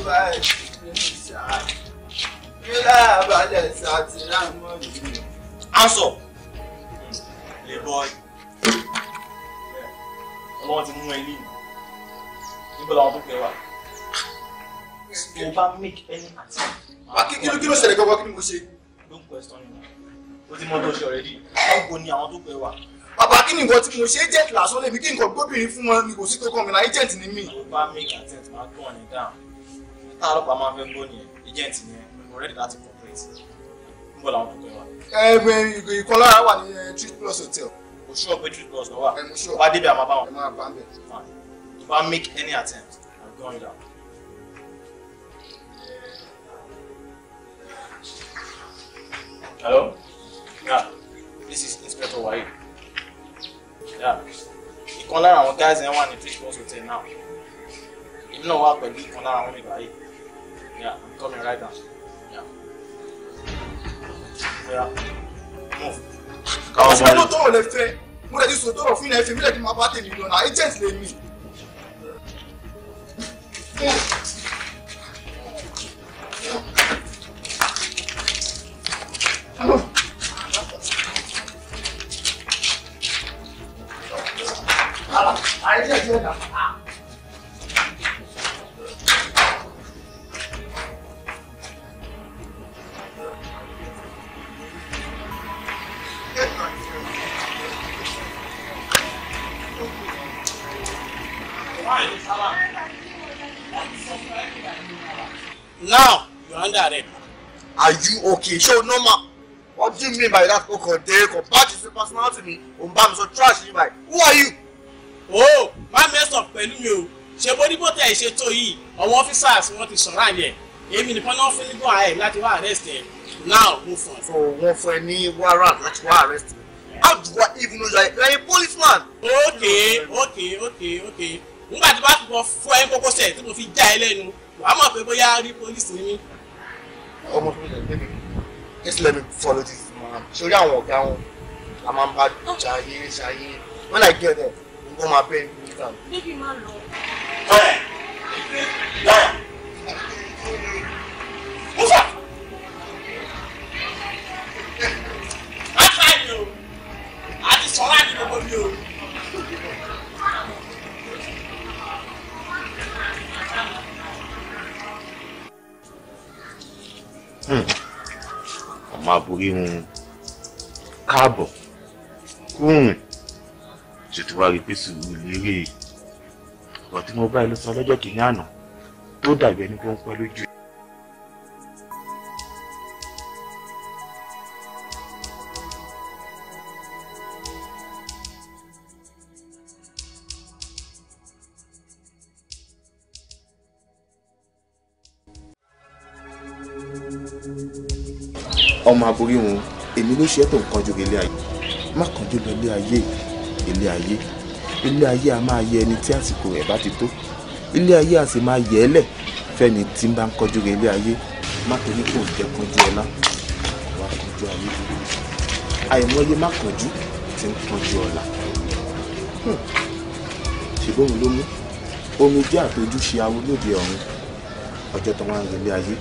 bá ìdílé mi sáà mi láàbàlẹ̀ sáàtì láàmú mi. aṣọ lè bọ ọlọ́run ti mú ẹ lẹ́yìn any attempt. wá kí kí ló kí ló ṣẹlẹ̀ gbọ́gbọ́ kí ni don't question me o ti already báwo ni àwọn tó kẹwàá bàbá kí ni nǹkan tí mo ṣe agent lásán lèmi kí nǹkan gbóbìnrin fún wọn ni kò sí tó kàn mí na agent ni mí. tó bá make attempt máa tún ọ̀nì dáhùn táàlọ́pàá máa fẹ́ gbọ́ nìyẹn agent yẹn mo rẹ́dí láti complete ń bọ̀ làwọn dùkọ̀ wa. ẹ ẹ ìkan lára wà ní treat plus hotel. kò sọ pé treat plus no wà wà débi àmàbà wọn. ẹ máa bá ń bẹ. if I make any attempt I'm going down. Hello? Yeah, this is Inspector Waheed. Yeah. You call her lára àwọn guys I want ní Treat Plus Hotel now. Èmi náà wà pẹ̀lú ìkan lára àwọn ìgbà yìí. Yeah, come here right now. Yeah. Yeah. Move. Come on, Bọ́lá. Àwọn tó lè fẹ́, mo lè ti sòtò ọ̀rọ̀ fún ilẹ̀ ìfẹ́ mi lè kí n máa bá tèmi lọ náà, agent lè mi. Move. normal what do you mean by that o kàn dé kàn bá ti ṣe personality to me. bá mi so trash you báyìí who are you. o má mẹ́sàn pẹ̀lú mi o ṣe bó ní bọ́tẹ̀ ìṣètò yìí àwọn officers wọn ti Even if èmi nìkan náà fún I am láti wá arrest ẹ̀ now mo fún ẹ. so wọn fún ẹ ní warrant láti wá arrest mi how do I even know that? are like a policeman. okay okay okay okay nígbà tí bá ti bọ for any, kókó sẹ tí mo fi já I'm not wàá mọ̀ pé bóyá rí police ni mí. ọmọ tó ń bẹ̀rẹ̀ just let me follow this man sórí àwọn ọ̀gá wọn I'm on bad bá ṣayé when I get there n kò máa bẹ́ẹ̀ ní ìgbà. bébí máa Hey. Musa. Afa ni o, a ti sọ̀rọ̀ àti gbogbo Hmm ma borí ń káàbọ̀ kúrùn ṣètò wa rí pé sùúrù lérè ọ̀rọ̀ tí mo bá ẹ lọ sọ lọ́jọ́ kìíní àná tó dàbí ẹni pé ó ń pẹ́ lójú máa borí òun èmi ló ṣe é tó nǹkan jóge ilé ayé má kànjú lọ ilé ayé ilé ayé ilé ayé a máa yẹ ẹni tí àsìkò rẹ̀ bá ti tó ilé ayé a sì máa yẹ ẹ́ lẹ̀ fẹ́ni tí ń bá ń kọjú rẹ̀ ilé ayé má torí kò jẹ́ kánjú ọlá wàá kánjú ayé àìmọye má kánjú tí ń kánjú ọlá hmm. ṣùgbọ́n òun ló mú omijé àtọjú ṣe awo ọ̀run ọjọ́ tó wá ń relé ayé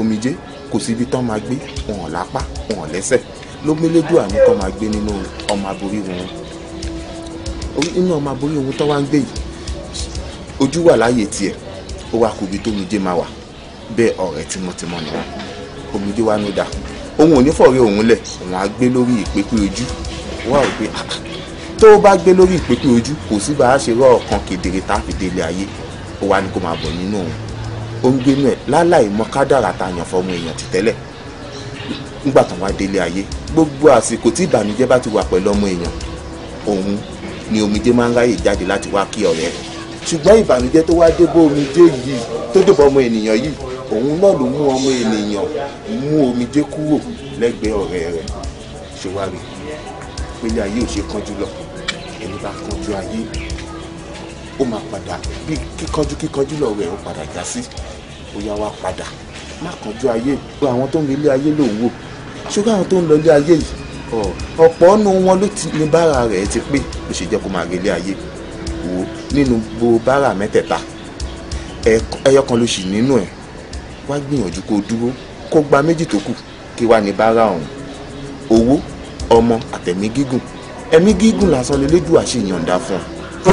omijé kò síbi tán máa gbé wọn ò lápá wọn ò lẹ́sẹ̀ ló mélédùn àní kán máa gbé nínú ọmọ aborí wọn inú ọmọ aborí ohun tó wá ń gbé yìí ojú wà láàyè tiẹ̀ ó wá kó ibi tó omijé máa wà bẹ́ẹ̀ ọ̀rẹ́ tímọ́tímọ́ ni wọn omijé wa ló dà òun ò ní fọ̀rẹ́ òun lẹ̀ òun á gbé lórí ìpépé ojú wá ò pé ah, ah. tó o bá gbé lórí ìpépé ojú kò sí bá a ṣe rọ ọ̀kan kedere tá a fi délé ayé ó wá ní kó máa bọ̀ nínú òun ó ń gbénu ẹ̀ láláì mọ kádàrà tá a yàn fọmọ èèyàn ti tẹ́lẹ̀ nígbà tó wá délé ayé gbogbo àsìkò tí ìbànújẹ́ bá ti wà pẹ̀lú ọmọ èèyàn òun ni omijé máa ń ráyè jáde láti wá kí ọ̀rẹ́ rẹ̀ ṣùgbọ́n ìbànújẹ́ tó wá dé bá omijé yìí tó dé bá ọmọ ènìyàn yìí òun náà ló mú ọmọ ènìyàn mú omijé kúrò lẹ́gbẹ̀ẹ́ ọ̀rẹ́ rẹ̀ ṣe wá rí pélé ayé ò ṣe kánjú lọ ẹni bá kánjú ayé ó máa padà bí kíkánjú kíkánjú lọ rẹ̀ ó padà já sí ó yá wá padà má kánjú ayé ìlú àwọn tó ń lọ ilé ayé ló ń wò ṣùgbọ́n àwọn tó ń lọ ilé ayé yìí ọ̀pọ̀ ọ̀nà wọn ló ti ní bára rẹ̀ ti pé ó ṣe jẹ́ kó máa relé ayé wò nínú bo bára mẹ́tẹ̀ẹ̀ta ẹyọ kan ló ṣì nínú ẹ̀ wá gbìyànjú kó dúró kó gba méjì tó kù kí wá ní bára ọ̀hún owó ọmọ àtẹ̀mí gígùn ẹ̀mí gígùn lásán lélẹ́dùà ṣe yọ̀ǹda fún ọ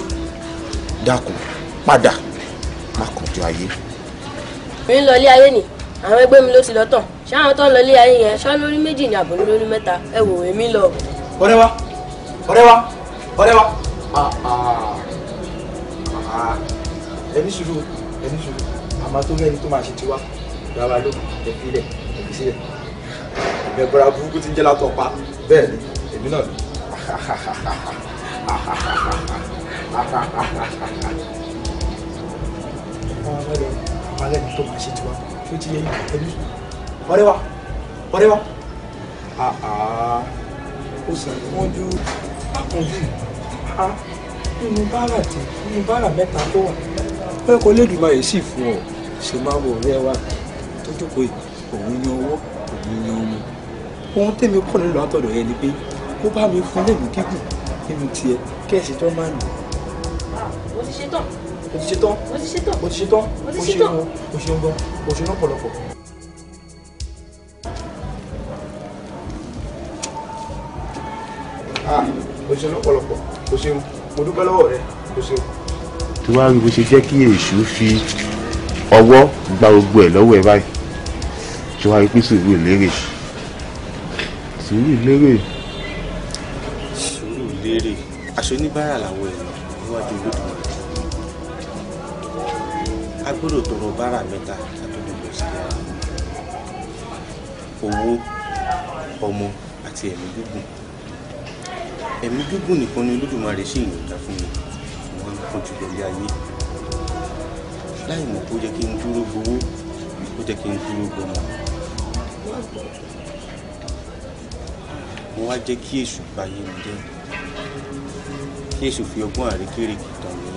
dákun padà má kànjú ayé mi ń lọ ilé ayé nì àwọn ẹgbẹ́ mi ló ti lọ tàn ṣé àwọn tó ń lọ ilé ayé yẹn ṣá lórí méjì ni àbò lórí mẹ́ta ẹ wò èmi lọ. ọ̀rẹ́ wa ọ̀rẹ́ wa ọ̀rẹ́ wa ah, ah, ah. ẹni sùúrù ẹni sùúrù àmọ́ tó mẹ́rin tó máa ṣe tiwa rárá ló ẹ fi lẹ̀ ẹ fi sílẹ̀ ìbẹ̀ bọ́ra burúkú ti ń jẹ́ látọ̀ pa bẹ́ẹ̀ ni èmi náà ni. Oh, my God máa rẹ́ni tó máa ṣe tiwa tó ti yẹ ẹbí ọ̀rẹ́ wa ọ̀rẹ́ wa ó ṣàkóńjú àkànjú nínú báárà tí nínú báárà mẹ́ta tó mais pé kò lè dùn báyìí sì fún ọ ṣe máa wọ ọ̀rẹ́ wa tó jókòó yìí òun yan ọwọ́ òun yan ọmọ ohun tèmi kọ́ nílò àtọ̀dọ̀ yẹn ni pé ó bá mi fún lẹ́mìí gígùn nínú tiẹ̀ kẹ́sì tó máa nù. mo ti ṣe tán o ti ṣetán o ti ṣetán o ti ṣetán o ti ṣetán o ṣeun gan o ṣeun lọ́pọ̀lọpọ̀. o ṣeun lọ́pọ̀lọpọ̀ o ṣeun mo dúpẹ́ lọ́wọ́ rẹ o ṣeun. tí wàá rí bó ṣe jẹ́ kí èṣù fi ọwọ́ gba gbogbo ẹ̀ lọ́wọ́ ẹ báyìí tí wàá rí pé sùúrù lérè sùúrù lérè. sùúrù lérè aṣọ oníbàárà làwọn èèyàn níwájú olódùmarè a gbọ́dọ̀ tọrọ bára mẹ́ta àtọ́jọ́gbọ̀n sí ara owó ọmọ àti ẹ̀mí gígùn ẹ̀mí gígùn nìkan ni olódùmarè ṣì yọ̀ǹda fún mi wọn á kọjú lọlé ayé láì mọ̀ kó jẹ́ kí n dúró gbowó kó jẹ́ kí n dúró gbọmọ mo wá jẹ́ kí èṣù báyé mi jẹ́ kí èṣù fi ọgbọ́n àrékérekè tán mi.